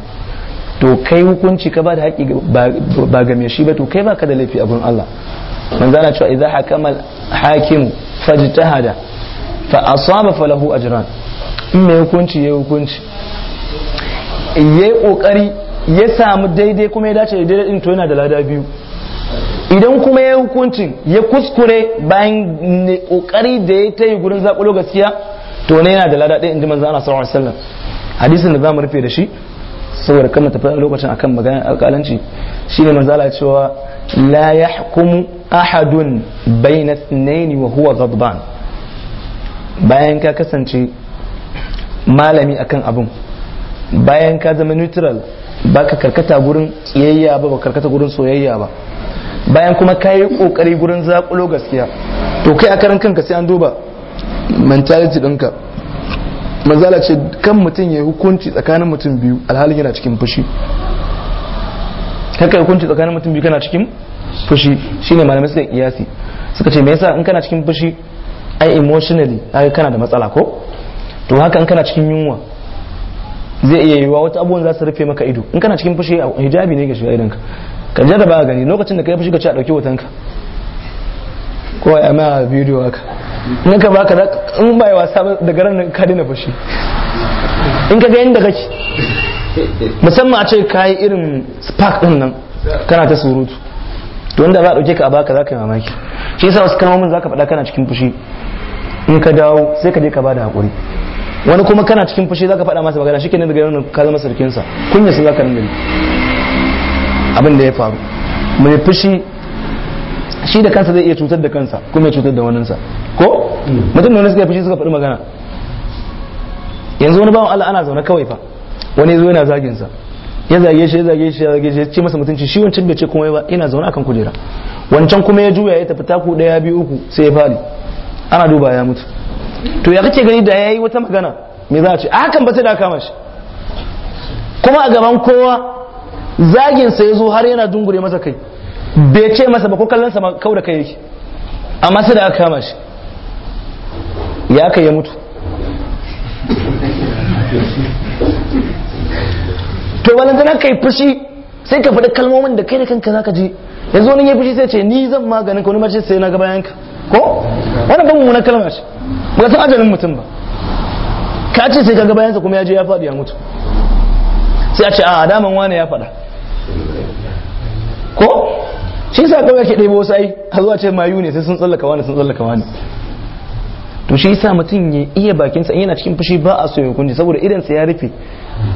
to kai hukunci ka ba da haƙi ba ga mai shi ba to kai baka da laifi abin Allah manzo ana cewa idza hakama hakim fajtahada fa asaba falahu ajran in mai hukunci yayi hukunci yayi kokari ya samu daidai kuma ya dace da daidai to yana da lada biyu idan kuma ya hukuncin ya kuskure bayan kokari da ya ta yi gurin zakulo gaskiya to ne yana da lada ɗaya inji manzo sallallahu alaihi wasallam hadisin da zamu rufe da shi saboda kan tafi lokacin akan maganar alƙalanci shine manzo Allah cewa la yahkumu ahadun bayna ithnain wa huwa ghadban bayan ka kasance malami akan abun bayan ka zama neutral baka karkata gurin kiyayya ba ba karkata gurin soyayya ba bayan kuma ka yi kokari gurin zaƙulo gaskiya to kai a karan kanka sai an duba mentality ɗinka manzala ce kan mutum ya yi hukunci tsakanin mutum biyu alhalin yana cikin fushi haka hukunci tsakanin mutum biyu kana cikin fushi shine malamai sai kiyasi suka ce me yasa in kana cikin fushi ai emotionally ai kana da matsala ko to haka in kana cikin yunwa zai iya yiwuwa wata abubuwan za su rufe maka ido in kana cikin fushi hijabi ne ga shiga idanka ka jarraba gani lokacin da ka yi fushi ka ci a ɗauki hotonka ko a ma bidiyo haka in ka ba baka in ba yi wasa da garin ka dina fushi in ka ga yadda kake musamman a ce ka yi irin spark din nan kana ta surutu to wanda za a ɗauke ka a baka za ka yi mamaki shi yasa wasu kalmomin za ka faɗa kana cikin fushi in ka dawo sai ka je ka bada haƙuri wani kuma kana cikin fushi za ka faɗa masa magana shi kenan daga yau ka zama sarkinsa kunya su za ka rinda abin da ya faru mai fushi shi da kansa zai iya cutar da kansa kuma ya cutar da waninsa ko mutum da wani suka yi fushi suka faɗi magana yanzu wani bawan Allah ana zaune kawai fa wani zo yana zagin sa ya zage shi ya zage shi ya zage shi ya ce masa mutunci shi wancan bai ce kuma ba ina zaune akan kujera wancan kuma ya juya ya tafi taku daya biyu uku sai ya fadi ana duba ya mutu to ya kace gani da yayi wata magana me za a ce a hakan ba sai da kama shi kuma a gaban kowa zagin sa yazo har yana dungure masa kai bai ce masa ba ko kallon sa kau da kai yake amma sai da aka kama shi ya kai ya mutu to balantana kai fushi sai ka faɗi kalmomin da kai da kanka zaka je yanzu wani ya fushi sai ce ni zan maganin ka wani mace sai na ga bayanka ko wani ban na kalma ce ba san ajalin mutum ba ka ce sai ka ga bayansa kuma ya je ya faɗi ya mutu sai a ce a adaman wane ya faɗa ko shi sa kawai ke ɗebo wasu ai a zuwa ce mayu ne sai sun tsallaka wani sun tsallaka wani to shi sa mutum ya iya bakinsa in yana cikin fushi ba a so ya kunji saboda idansa ya rufe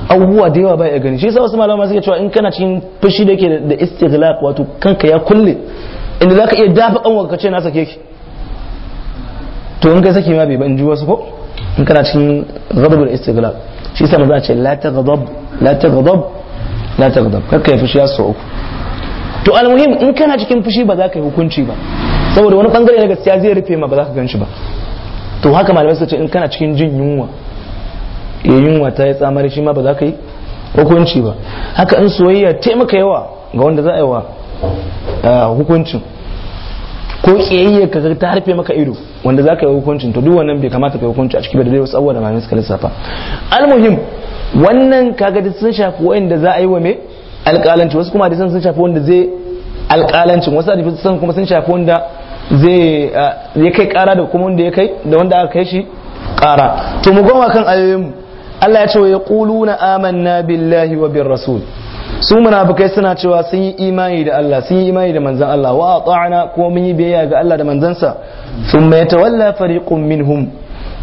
abubuwa da yawa ba ya gani shi sa wasu malama suke cewa in kana cikin fushi da ke da istighlaq wato kanka ya kulle inda zaka iya dafa kanwa ka ce na sake ki to in kai sake ma bai ban ji wasu ko in kana cikin ghadab da istighlaq shi sa maza ce la taghadab la taghadab la taghdab kakka ya fushi ya so uku to almuhim in kana cikin fushi ba za ka yi hukunci ba saboda wani bangare na gaskiya zai rufe ma ba za ka ganshi ba to haka malamai suka ce in kana cikin jin yunwa Ya eh, yunwa ta yi tsamari shi ma ba za ka yi hukunci ba haka in soyayya taimaka yawa ga wanda za a yi wa eh, hukuncin ko kiyayya ka ta harfe maka ido wanda za ka yi hukuncin to duk wannan bai kamata ka yi hukunci a cikin da dai wasu abubuwa da malamai suka lissafa almuhim wannan kaga sun shafi wa'anda za a yi wa me alƙalanci wasu kuma hadisan sun shafi wanda zai alƙalancin wasu hadisan kuma sun shafi wanda zai ya kai ƙara da kuma wanda ya kai da wanda aka kai shi ƙara to mu goma kan ayoyin Allah ya ce ya quluna amanna billahi wa bir rasul su munafikai suna cewa sun yi imani da Allah sun yi imani da manzon Allah wa ata'na ko mun yi biyayya ga Allah da manzansa thumma yatawalla fariqun minhum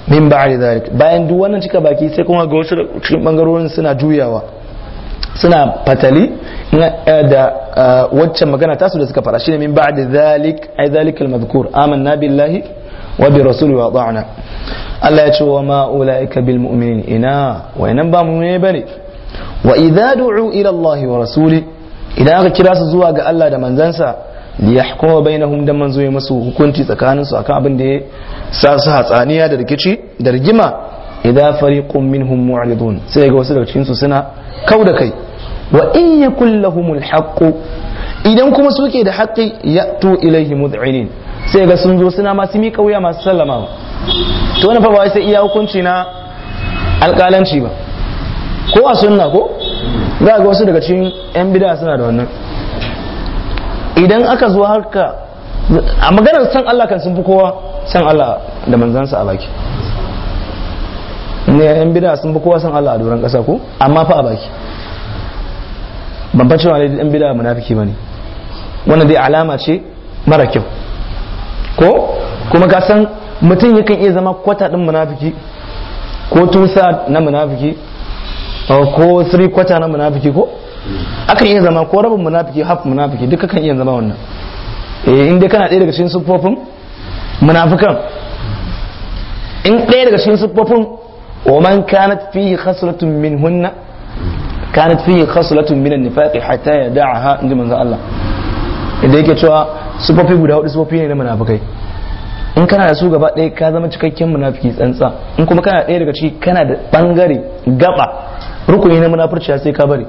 min ba'di dhalik bayan duk wannan cika baki sai kuma ga wasu cikin bangarorin suna juyawa suna fatali eh, da eh, wacce magana tasu da suka fara shine min ba'da zalik ay zalik al amanna billahi wa bi rasulihi wa ta'ana Allah ya ce wa ma ulaika bil mu'minin ina wa inan ba mu'mine bane wa idza du'u ila Allah wa rasuli idan aka kira su zuwa ga Allah da manzansa li yahkuma bainahum dan manzo ya musu hukunci tsakaninsu akan abin da ya sa su hatsaniya da rikici da rigima idza fariqun minhum mu'ridun sai ga wasu daga cikin su suna kau da kai wa in yakul lahumul haqqu idan kuma suke da haqqi tu ilaihi mud'inin sai ga sun zo suna masu miƙa wuya masu sallama to wannan fa ba sai iya hukunci na alƙalanci ba ko a sunna ko za ga wasu daga cikin yan bid'a suna da wannan idan aka zo harka a maganar san Allah kan sun fi kowa san Allah da manzansa a baki ne yan bida sun bi kowa san Allah a doron kasa ko amma fa a baki ban fa cewa yan bida munafiki bane wannan dai alama ce mara kyau ko kuma ka san mutum yakan iya zama kwata din munafiki ko tusa na munafiki ko siri kwata na munafiki ko akan iya zama ko rabin munafiki haf munafiki duka kan iya zama wannan eh in dai kana ɗaya daga cikin siffofin munafikan in ɗaya daga cikin siffofin ومن كانت فيه خصلة منهن كانت فيه خصلة من النفاق حتى يدعها عند من الله idan yake cewa sufofi guda hudu sufofi ne na munafikai in kana da su gaba ɗaya ka zama cikakken munafiki tsantsa in kuma kana ɗaya daga ciki kana da ɓangare gaba rukuni na munafurci sai ka bari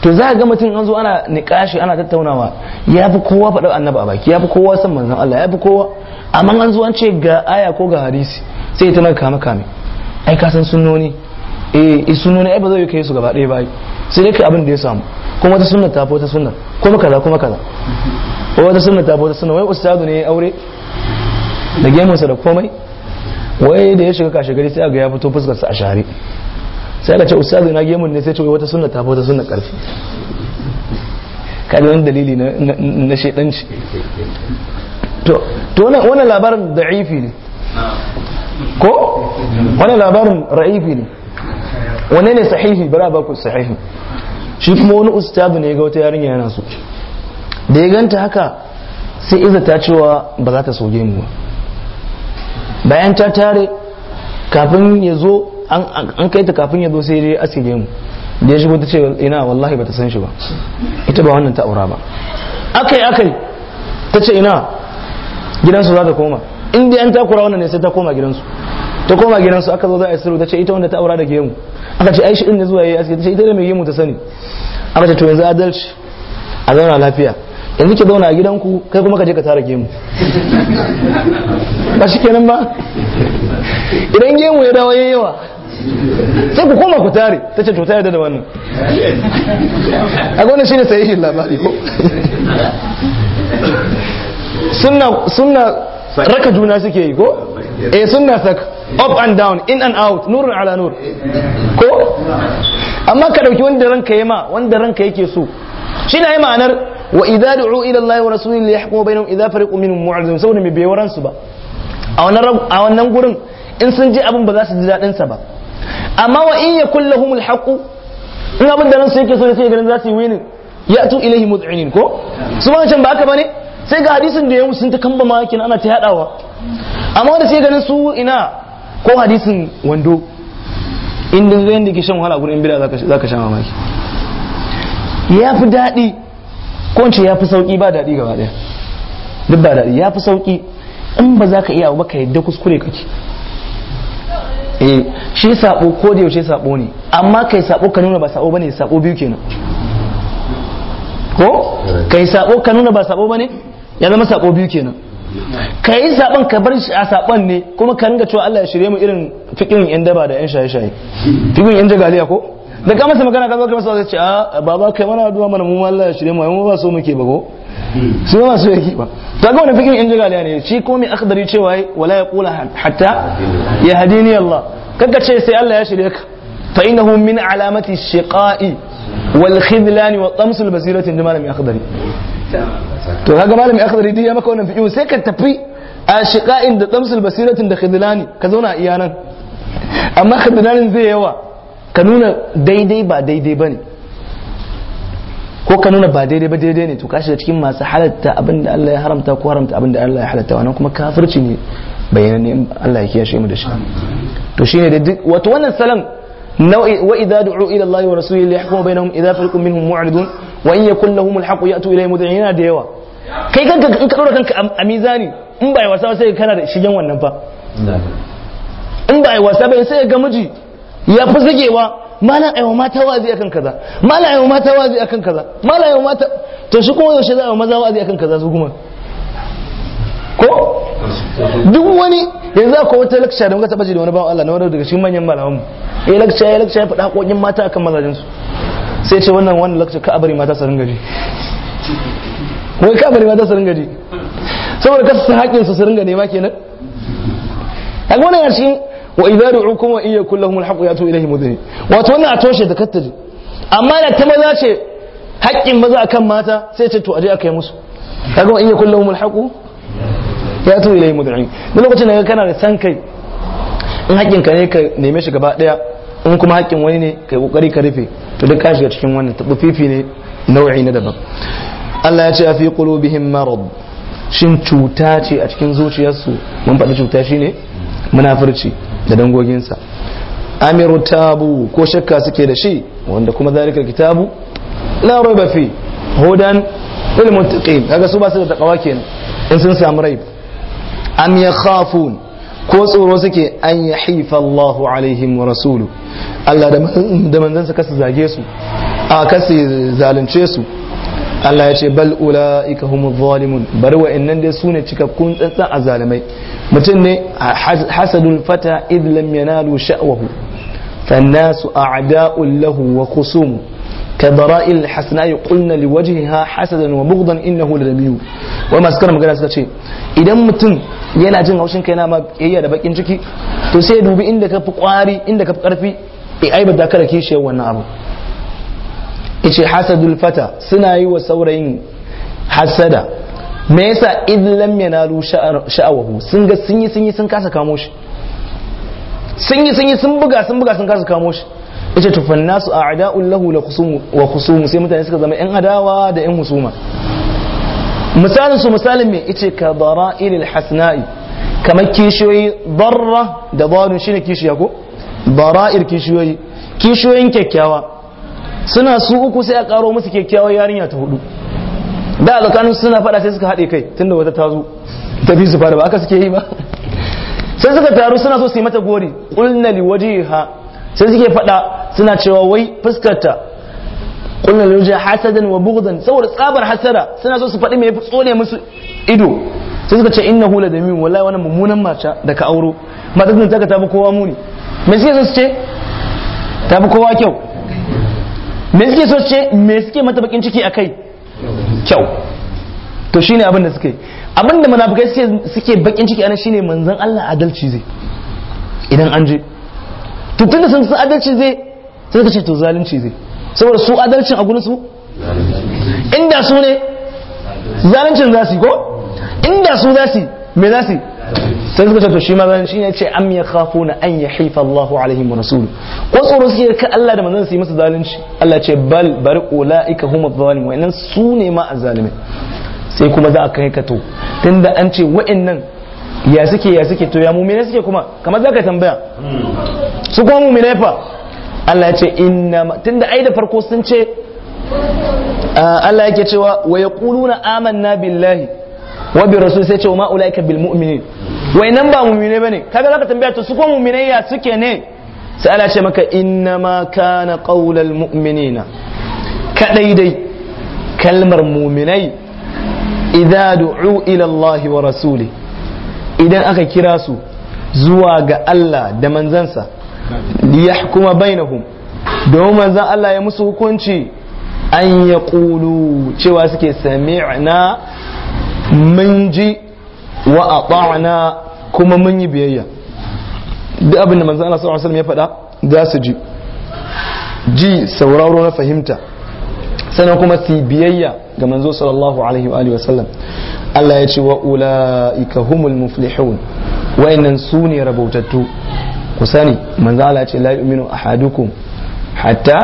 to za a ga mutum an zo ana niƙashi ana tattaunawa ya fi kowa faɗa annaba a baki ya fi kowa san manzon Allah ya fi kowa amma an zo an ce ga aya ko ga hadisi sai ita maka kama kame ai ka san sunnoni eh, eh sunnoni ai ba zai kai su gaba ɗaya ba sai dai kai abin da ya samu kuma ta sunna ta ta sunna kuma kaza kuma kaza ko wata sunna ta ta sunna wai ustadu ne ya aure da gemunsa da komai wai da ya shiga kashe gari sai ga ya fito fuskarsa a share sai aka ce ustadu na gemun ne sai ce wata sunna ta ta sunna karfi kada wani dalili na shaidanci to wannan labarin da'ifi ne ko wani labarin ra'ifi ne wane ne sahihi bara ba ku sahihi shi kuma wani ustabu ne ga wata yarinya yana so da ya ganta haka sai iza ta cewa ba za ta soge mu bayan ta tare kafin ya zo an kai ta kafin ya zo sai dai asige mu da ya shigo ta ce ina wallahi ba ta san shi ba ita ba wannan ta aura ba akai akai ta ce ina gidansu za ta koma inda yan takura wannan ne sai ta koma gidansu ta koma gidansu aka zo za a sirru ta ce ita wanda ta aura da gemu aka ce ai shi ne zuwa yayi aski ta ce ita da mai gemu ta sani aka ce to yanzu adalci a zauna lafiya yanzu ki zauna a gidanku kai kuma ka je ka tara gemu ba shi kenan ba idan gemu ya dawo yayi yawa sai ku koma ku tare ta ce to ta yarda da wannan a gwanin shi ne sayi labari ko sunna raka juna suke yi ko eh, sun na sak up and down in and out nurin ala nur ko amma ka dauki wanda ranka yema wanda ranka yake so shi na yi ma'anar wa idza du'u ila allahi wa rasulihi li yahkumu bainahum idza fariqu minhum mu'ridun saboda me bai waransu ba a wannan a wannan gurin in sun ji abin ba za su ji dadin sa ba amma wa in yakul humul haqu in abin da ransu yake so sai ganin za su yi winin ya'tu ilayhi mud'inin ko su ba can ba haka bane sai ga hadisin da ya sun ta kamba ma ana ta yadawa amma wanda sai ganin su ina ko hadisin wando Inda zai da ke shan wahala gurin bida za ka sha mamaki ya fi daɗi ko ce ya fi sauƙi ba daɗi gaba ɗaya duk ba daɗi ya fi sauƙi in ba za ka iya ba ka yadda kuskure kake eh shi sabo ko da yaushe sabo ne amma kai sabo ka nuna ba sabo bane sabo biyu kenan ko kai sabo ka nuna ba sabo bane ya zama sako biyu kenan ka yi sabon ka bar shi a sabon ne kuma ka ringa cewa Allah ya shirye mu irin fikirin yan daba da yan shaye-shaye fikirin yan jagaliya ko da ka masa magana ka zo ka masa zai ce a ah, baba kai mana addu'a mana mu Allah ya shirye mu mu ba so muke ba ko su ba so yake ba to ga wannan fikirin yan jagaliya ne shi ko mai akhdari cewa wala yaqula hatta ya hadini Allah kaga ce sai Allah ya shirye ka fa innahu min alamati shiqa'i wal khidlan wa tamsul basirati da lam akhdari to kaga malami akhdari din ya maka wannan fiqh sai ka tafi a shiqa'in da tsamsul basiratin da khidlani ka zauna a iyanan amma khidlanin zai yawa ka nuna daidai ba daidai bane ko ka nuna ba daidai ba daidai ne to ka shiga cikin masu halatta abinda Allah ya haramta ko haramta abinda Allah ya halatta wannan kuma kafirci ne bayanan Allah ya kiyashe mu da shi to shine da duk wato wannan salam nau'i wa idza du'u ila Allah wa rasulihi liyahkuma bainahum idza farqum minhum mu'ridun wa in yakul lahum alhaqu ya'tu ilayhi mud'in yana da yawa kai kanka in ka dora kanka a mizani in ba wasa sai kana da shigen wannan fa in ba wasa ba sai ga miji ya fi zagewa mala aiwa mata wazi akan kaza mala aiwa mata wazi akan kaza mala aiwa mata to shi kuma yaushe za a maza wazi akan kaza su kuma ko duk wani yanzu akwai wata lakca da muka taba ji da wani bawan Allah na wani daga shi manyan malaman mu eh lakca ya lakca ya faɗa hakokin mata akan mazajen su sai ce wannan wani lokaci ka abari mata su ringa ji wai ka abari mata su ringa ji saboda kasu su haƙin su su ringa nema kenan a gona ya ce wa idza du'ukum wa iya ya alhaqu yatu ilayhi mudhini wato wannan a toshe da kattaji amma da ta maza ce haƙƙin maza kan mata sai ce to aje aka yi musu kaga wa iya kullahum ya yatu ilayhi mudhini duk lokacin da kana da san kai in haƙƙinka ne ka neme shi gaba ɗaya in kuma haƙƙin wani ne kai kokari ka rufe to duk kashi shiga cikin wannan fifi ne nau'i na daban Allah ya ce a fi qulubihim marad shin cuta ce a cikin zuciyarsu mun faɗi cuta shine munafurci da dangoginsa amiru tabu ko shakka suke da shi wanda kuma zalika kitabu la ba fi hudan lil muttaqin kaga su ba su da takawa kenan in sun samu raib am yakhafun ko tsoro suke an ya haifa Allahu alaihim wa rasulu Allah da manzansa kasu zage su a kasu zalunce su Allah ya ce bal ula'ika humu zalimun bari wa'annan dai su ne cikakkun tsantsan a zalimai mutum ne hasadun fata idh lam yanalu sha'wahu fannasu a'da'un lahu wa khusumu كبراء الحسناء قلنا لوجهها حسدا وبغضا انه لنبي وما سكر magana suka ce idan mutum yana jin haushin kai na ma yayya da bakin ciki to sai dubi inda ka fi kwari inda ka fi karfi e ai ba da kada ki shi wannan abu yace hasadul fata suna yi wa saurayin hasada me yasa idan lam yanalu sha'awahu sun ga sun yi sun yi sun kasa kamo shi sun yi sun yi sun buga sun buga sun kasa kamo shi yace to a nasu a'da'un lahu la wa kusumu sai mutane suka zama yan adawa da yan husuma misalin su misalin me yace ka dara'il hasna'i kamar kishiyoyi darra da shi shine kishiya ko dara'ir kishiyoyi kishiyoyin kyakkyawa suna su uku sai a karo musu kyakkyawa yarinya ta hudu da tsakanin suna fada sai suka haɗe kai tunda wata ta zo ta bi su fara ba aka suke yi ba sai suka taru suna so su yi mata gori qulna liwajiha sai suke fada suna cewa wai fuskarta kullum lujin hasadan wa bughdan saboda tsabar hasara suna so su faɗi mai tsone musu ido sai suka ce innahu da damin wallahi wannan mummunan mace da ka auro mata din taka tafi kowa muni me suke so su ce tafi kowa kyau me suke so su ce me suke mata bakin ciki akai kyau to shine abin da suke Abinda abin da munafikai suke bakin ciki ana shine manzon Allah adalci zai idan an je to tunda sun san adalci zai sai kace ce to zalunci zai saboda su adalcin a gurin su inda su ne zaluncin za su ko inda su za su me za su sai suka ce to shi ma zalunci ne ce am ya kafu an ya Allah Allahu alaihim wa rasul ko tsoro suke ka Allah da manzon su yi masa zalunci Allah ce bal bar ulaika hum adh wa inna su ne ma azzalimin sai kuma za a kai ka to tunda an ce wa'annan ya suke ya suke to ya mumine suke kuma kamar zaka tambaya su kuma mumine fa Allah ya ce inna tunda ai da farko sun ce ah, Allah yake cewa wa yaquluna amanna billahi wa bi rasul sai ce wa ma ulaika bil mu'minin wa nan ba mumine bane kaga zaka tambaya to su kuma mumine ya suke ne sai Allah ya ce maka inna ma kana qaulal mu'minina kadai dai kalmar muminai idza du'u ila Allah wa rasulihi idan aka kira su zuwa ga Allah da manzansa ya liyahkuma bainahum domin manzan Allah ya musu hukunci an ya ƙulu cewa suke sami'na mun ji wa a ata'na kuma mun yi biyayya duk abin da manzan Allah sallallahu alaihi ya faɗa za su ji ji sauraro na fahimta sannan kuma su biyayya ga manzo sallallahu alaihi wa sallam Allah ya ce wa ula'ika humul muflihun wayannan su ne rabautattu ku sani manzo Allah ya ce la yu'minu ahadukum hatta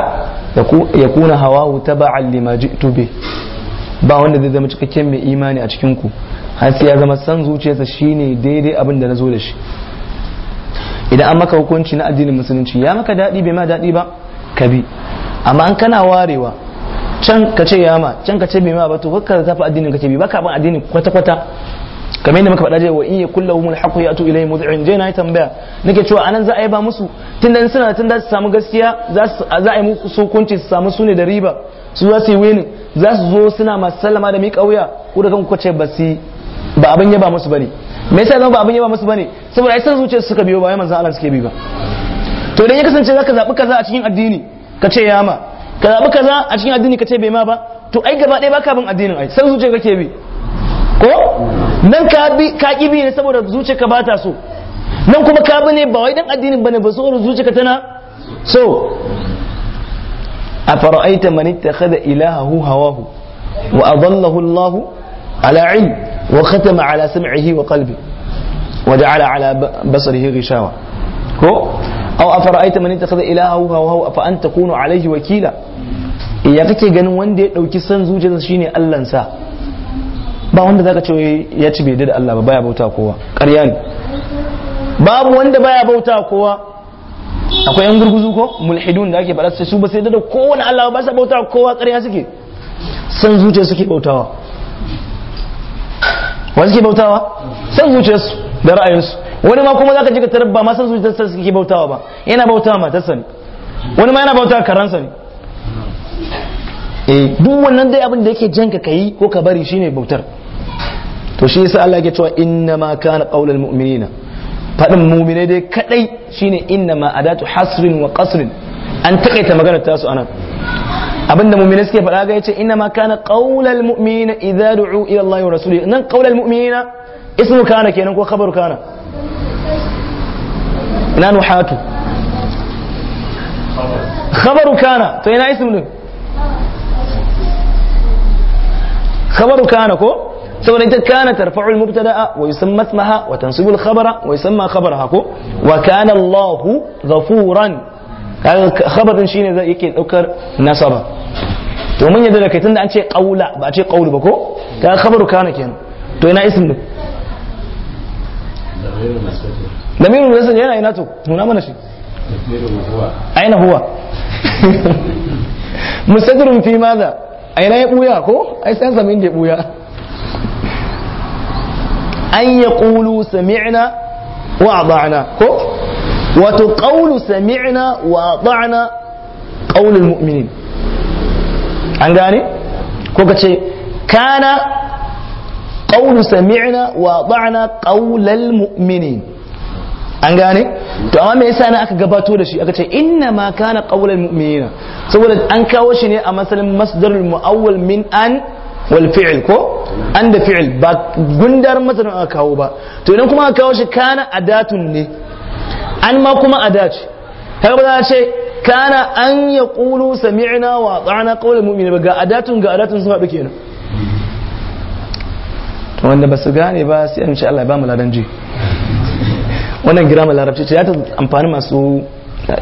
yakuna hawahu taba'an lima ji'tu bi ba wanda zai zama cikakken mai imani a cikin ku har sai ya zama san zuciyarsa shine daidai abin da zo da shi idan an maka hukunci na addinin musulunci ya maka daɗi bai ma daɗi ba ka bi amma an kana warewa can ka ce ya ma can ka ce bai ma ba to kakka ta addinin ka ce bai ka ban addinin kwata kwata kamar yadda muka faɗa jai wa in yakullahu alhaqu yatu mutu in je na yi tambaya nake cewa anan za a yi ba musu tunda suna tun da su samu gaskiya za a yi musu hukunci su samu su ne da riba su za su yi wani za su zo suna masu sallama da miƙa wuya ko da kanku ce ba su ba abin yaba musu bane me yasa zama ba abin yaba musu bane saboda ai san zuciyar suka biyo ba wai manzon Allah suke bi ba to idan ya kasance zaka zabi kaza a cikin addini ka ce yama ka zaɓi kaza a cikin addini ka ce bai ma ba to ai gaba ɗaya baka bin addinin ai san zuciya kake bi ko nan ka bi ka ki bi ne saboda zuciya ka ba ta so nan kuma ka bi ne ba wai dan addinin bane ba saboda zuciya ka tana so a fara'aita man ittakhadha ilahahu hawahu wa adallahu Allah ala ilm wa khatama ala sam'ihi wa qalbi wa ja'ala ala basarihi ghishawa ko أو أفرأيت من اتخذ إلهه هواه أفأنت تكون عليه وكيلا Eh, ya kake ganin wanda ya dauki san zuciyarsa shine Allah sa ba wanda zaka ce ya ci bai da Allah ba baya bauta kowa ƙarya ne babu wanda baya bauta kowa akwai yan gurguzu ko mulhidun da ake faɗa su ba sai da kowane Allah ba sa bauta kowa ƙarya suke san zuciya suke bautawa wa suke bautawa san su da ra'ayinsu wani ma kuma zaka ji ka tarar ba ma san su suke bautawa ba yana bautawa matarsa ne wani ma yana bautawa karansa ne Eh, duk wannan dai abin da yake janka kai ko ka bari shine bautar to shi yasa Allah yake cewa inna ma kana qaulul mu'minina fadin mu'mine dai kadai shine inna ma adatu hasrin wa qasrin an takaita magana ta su anan abinda mu'mine suke faɗa ga yace inna ma kana qaulul mu'minina idza du'u ila Allah wa rasulihi nan qaulul mu'minina ismu kana kenan ko khabaru kana ina nuhatu khabaru kana to ina ismu ne khabaru kana ko saboda ita kana tarfa'ul mubtada'a wa yusamma ismaha wa tansibu al-khabara wa yusamma khabaraha ko wa kana Allah ghafuran khabarin shine zai yake daukar nasaba to mun yadda da kai tunda an ce qaula ba a ce qaulu ba ko ka khabaru kana kenan to ina ism din lamirin nasa yana ina to nuna mana shi aina huwa mustadirun fi madha aina ya ɓuya ko ai sai an sami ɓuya an ƙulu sami'na wa ba'ana ko wato wa ba'ana ƙaulul mu'minin an gane ko ka ce kana ƙaulu sami'na wa ba'ana ƙaulal mu'minin an gane to amma me yasa na aka gabato da shi aka ce inna ma kana qawlan mu'minina saboda an kawo shi ne a masalin masdarul mu'awwal min an wal fi'l ko an da fi'l ba gundar masalan aka kawo ba to idan kuma aka kawo shi kana adatun ne an ma kuma adat kai ba za a ce kana an ya yaqulu sami'na wa ta'ana qawlan mu'minina ba ga adatun ga adatun sun haɗu kenan to wanda ba su gane ba sai in sha Allah ba mu ladan ji wannan girama larabci ce ya ta amfani masu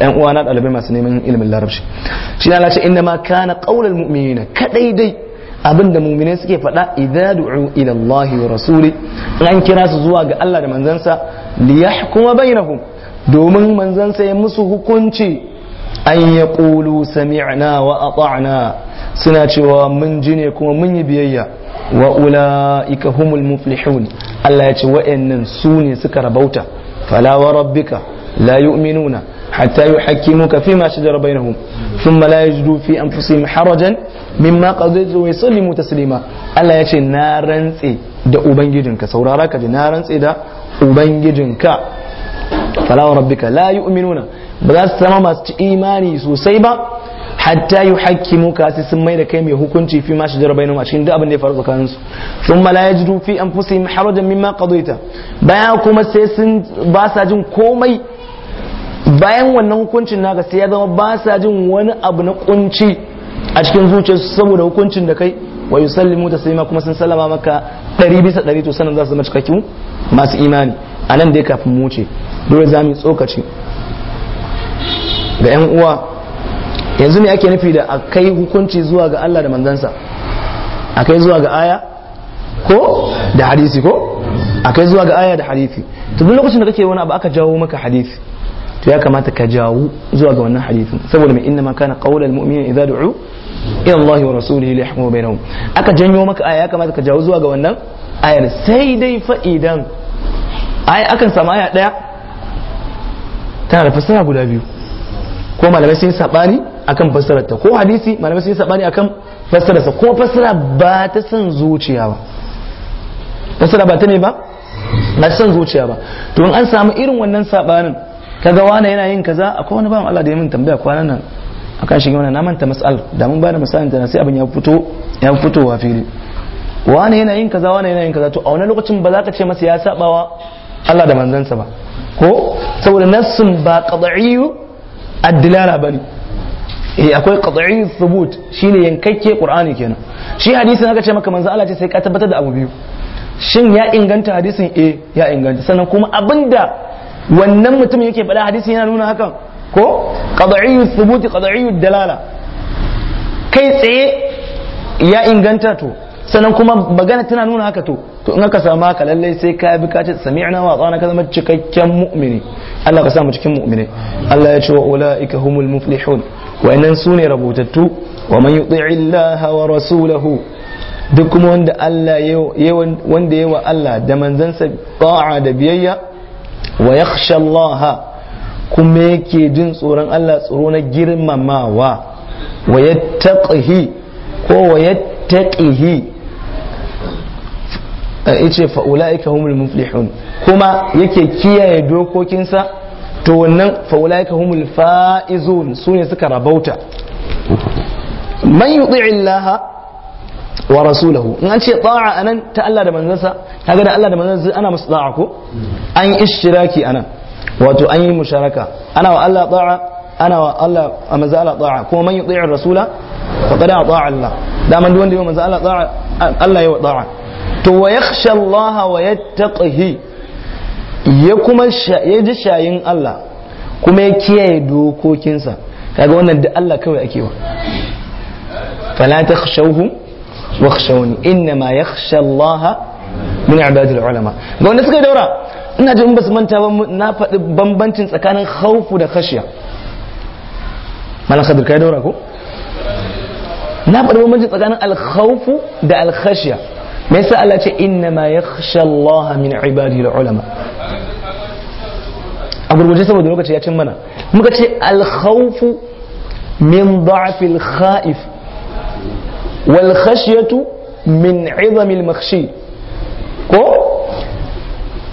yan uwana ɗalibai masu neman ilimin larabci shi na lashe inda ma kana ƙaunar mu'minina kadai dai abin da mu'minai suke faɗa idadu du'u ila Allah wa rasuli an kira su zuwa ga Allah da manzansa li yahkuma bainahum domin manzansa ya musu hukunci an ya ƙulu sami'na wa ata'na suna cewa mun ji ne kuma mun yi biyayya wa ula'ika humul muflihun Allah ya ce wa'annan su ne suka rabauta fala wa rabbika la yu'minuna hatta kafi fima shajara bainahum thumma la yajidu fi anfusihim harajan mimma qadaytu wa yusallimu taslima Allah yace na rantse da ubangijinka saurara ka na rantse da ubangijinka fala rabbika la yu'minuna ba za su zama masu imani sosai ba hatta yuhakkimuka sai sun mai da kai mai hukunci fi ma shajara bainahum a cikin duk abin da ya faru tsakanin su thumma la yajidu fi anfusihim harajan mimma qadaita bayan kuma sai sun ba sa jin komai bayan wannan hukuncin naka sai ya zama ba sa jin wani abu na kunci a cikin zuciyarsu saboda hukuncin da kai wa yusallimu taslima kuma sun sallama maka 100 bisa 100 to sanan za su zama cikakku masu imani a nan dai kafin mu wuce dole za mu tsokaci ga 'yan uwa yanzu me ake nufi da kai hukunci zuwa ga Allah da manzansa kai zuwa ga aya ko da hadisi ko kai zuwa ga aya da hadisi to duk lokacin da kake wani abu aka jawo maka hadisi to ya kamata ka jawo zuwa ga wannan hadisin saboda mai inna ma kana qaulal mu'minin idza du'u ila Allah wa rasulihi li yahkumu bainahum aka janyo maka aya ya kamata ka jawo zuwa ga wannan ayar sai dai fa'idan ai akan samu aya daya tana da fasaha guda biyu ko malamai sun sabani akan fassararta ta ko hadisi malamai sun yi sabani akan fassararsa sa ko fassara ba ta san zuciya ba fassara ba ta ne ba ba san zuciya ba to an samu irin wannan sabanin kaga wani yana yin kaza akwai wani bawan Allah da ya min tambaya kwanan nan akan shi wannan na manta mas'al da mun bada misalin ta sai abin ya fito ya wa fili wani yana yin kaza wani yana yin kaza to a wani lokacin ba za ka ce masa ya sabawa Allah da manzansa ba ko saboda nassin ba qad'iyyu ad-dilala bane eh akwai qat'i thubut shine yankakke qur'ani kenan shi hadisin haka ce maka manzo Allah ce sai ka tabbatar da abu biyu shin ya inganta hadisin eh ya inganta sannan kuma abinda wannan mutum yake faɗa hadisin yana nuna hakan ko qat'i thubut qat'i dalala kai tsaye ya inganta to sannan kuma magana tana nuna haka to to in aka samu haka lallai sai ka bi ka ce sami'na wa tsana ka zama cikakken mu'mini Allah ka sa mu cikin mu'mini Allah ya ce wa ulaika humul muflihun wa'annan su ne rabutattu wa man yuti Allah wa rasulahu duk kuma wanda Allah wanda yawa Allah da manzansa ta'a da biyayya wa yakhsha Allah kuma yake jin tsoron Allah tsoro na girmamawa wa yattaqihi ko wa yattaqihi ice fa ulaika humul muflihun kuma yake kiyaye dokokinsa to wannan faulaika humul faizun su ne suka rabauta man yi yuti Laha wa rasulahu in an ce ta'a anan ta Allah da manzansa kaga da Allah da manzansa ana masu ta'a ko an yi ishtiraki anan wato an yi musharaka ana wa Allah ta'a ana wa Allah a maza Allah ta'a kuma man yuti rasula faqad ata'a Allah da man wanda ya maza Allah ta'a Allah ya wa ta'a to wa yakhsha Allah wa yattaqihi ya kuma ya ji shayin Allah kuma ya kiyaye dokokinsa kaga wannan da Allah kawai ake wa fala takhshawhum wakhshawni inna ma yakhsha Allah min ibadil ulama ga wanda suka daura ina jin ba su manta ba na faɗi bambancin tsakanin khawfu da khashiya malaka khadir daura ko na faɗi bambancin tsakanin al-khawfu da al-khashiya me yasa Allah ce inna ma yakhsha Allah min ibadihi ulama a gurguje saboda lokaci ya cin mana muka ce al khawfu min da'fil khaif wal khashyatu min 'idhamil makhshi ko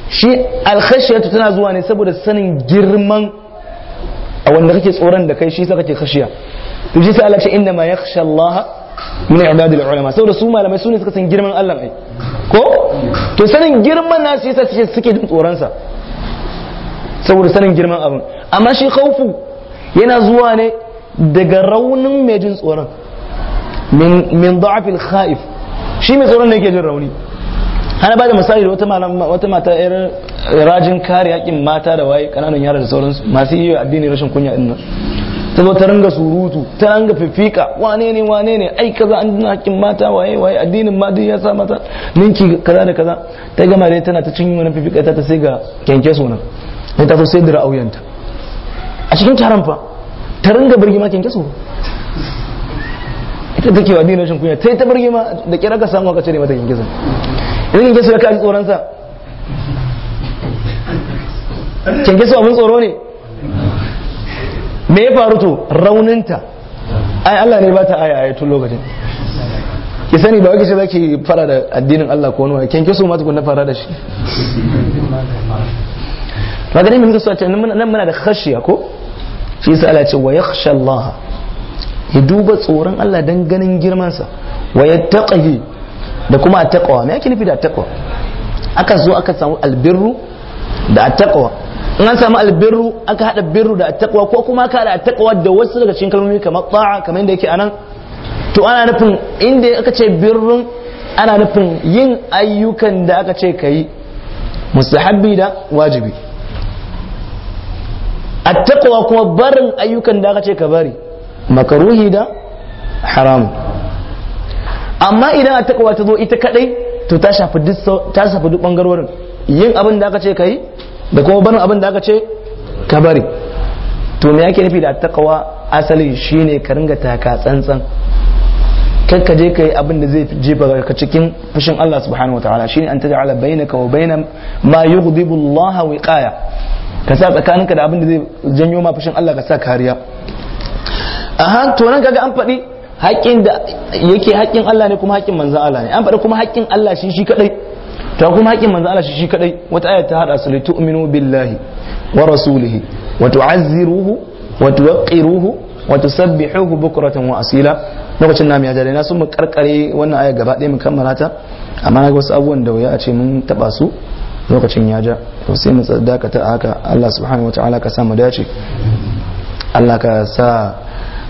shi al khashyatu tana zuwa ne saboda sanin girman a wanda kake tsoron da kai shi sa kake khashiya to shi sa Allah ce inna ma yakhsha Allah min ibadul ulama saboda su malamai su ne suka san girman Allah ai ko to sanin girman nasu yasa suke jin tsoron sa saboda sanin girman abin amma shi khaufu yana zuwa ne daga raunin mai jin tsoron min min da'afil khaif shi mai tsoron ne yake jin rauni ana bada misali wata wata wata mata yar rajin kare yakin mata da waye kananan yara da sauransu masu yi addini rashin kunya din nan ta ta ringa surutu ta ringa fifika wane ne wane ne ai kaza an dina hakkin mata waye waye addinin ma duk ya sa mata ninki kaza da kaza ta gama dai tana ta cinye wani fifika ta ta sai ga kyanke sunan sai ta so sai dira auyanta a cikin taron fa ta ringa birgima kyanke sunan ita take wa dinin shin kunya sai ta birgima da kira ka samu ka cire mata kyanke sunan idan kyanke sunan ka ji tsoron sa kyanke sunan abin tsoro ne me ya faru to rauninta ai Allah ne ba ta aya a tun lokacin ki sani ba wake zaki fara da addinin Allah ko wani kin kiso ma tukun na fara da shi ba gani mun kiso ta nan muna da khashiya ko shi sai Allah ce wa yakhsha Allah ya duba tsoron Allah dan ganin girman sa wa yattaqi da kuma taqwa me yake nufi da taqwa aka zo aka samu albirru da taqwa in an samu albirru aka hada birru da attaqwa ko kuma aka hada attaqwa da wasu daga cikin kalmomi kamar ta'a kamar yadda yake anan to ana nufin inda aka ce birrun ana nufin yin ayyukan da aka ce kai mustahabbi da wajibi attaqwa kuma barin ayyukan da aka ce ka bari makaruhi da haram amma idan attaqwa ta zo ita kadai to ta shafi duk bangarorin yin abin da aka ce kai da kuma barin abin da aka ce ka bari to me ake nufi da taqwa asali shine ka ringa taka tsantsan kar ka je kai abin da zai jefa ka cikin fushin Allah subhanahu wataala shine an taj'ala bainaka wa baina ma yughdibu Allah wiqaya ka sa tsakaninka da abin da zai janyo ma fushin Allah ka sa kariya aha to nan kaga an faɗi haƙƙin da yake haƙƙin Allah ne kuma haƙƙin manzon Allah ne an faɗi kuma haƙƙin Allah shi shi kadai ta kuma haƙin manzo Allah shi kadai wata aya ta hada su li tu'minu billahi wa rasulihi wa tu'azziruhu wa tuwaqqiruhu wa tusabbihuhu bukratan wa asila lokacin na ya jare na sun mu karkare wannan aya gaba ɗaya mu kammala ta amma na ga wasu abubuwan da wuya a ce mun taba su lokacin ya ja to sai mu dakata a haka Allah subhanahu wataala ka sa mu dace Allah ka sa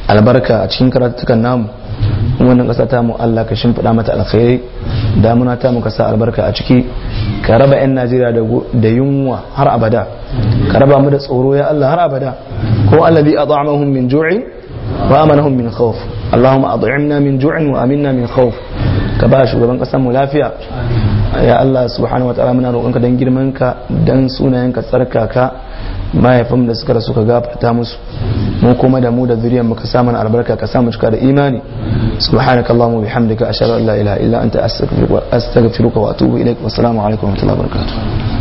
albarka a cikin karatukan namu wannan kasa ta mu Allah ka shimfiɗa mata alkhairi damuna ta mu ka sa albarka a ciki ka raba 'yan Najeriya da yunwa har abada ka raba mu da tsoro ya Allah har abada ko allazi at'amahum min ju'in wa amanahum min khawf Allahumma at'imna min ju'in wa aminna min khawf ka ba shugaban ƙasar mu lafiya ya Allah subhanahu wa ta'ala muna roƙonka dan girman ka dan sunayen ka tsarkaka mahaifin da suka rasu ka gafarta musu mu kuma da mu da zuriyar mu ka samu albarka ka samu cika da imani subhanakallahumma bihamdika ashhadu an la ilaha illa anta astaghfiruka wa atubu ilaik wa assalamu alaikum wa rahmatullahi wa barakatuh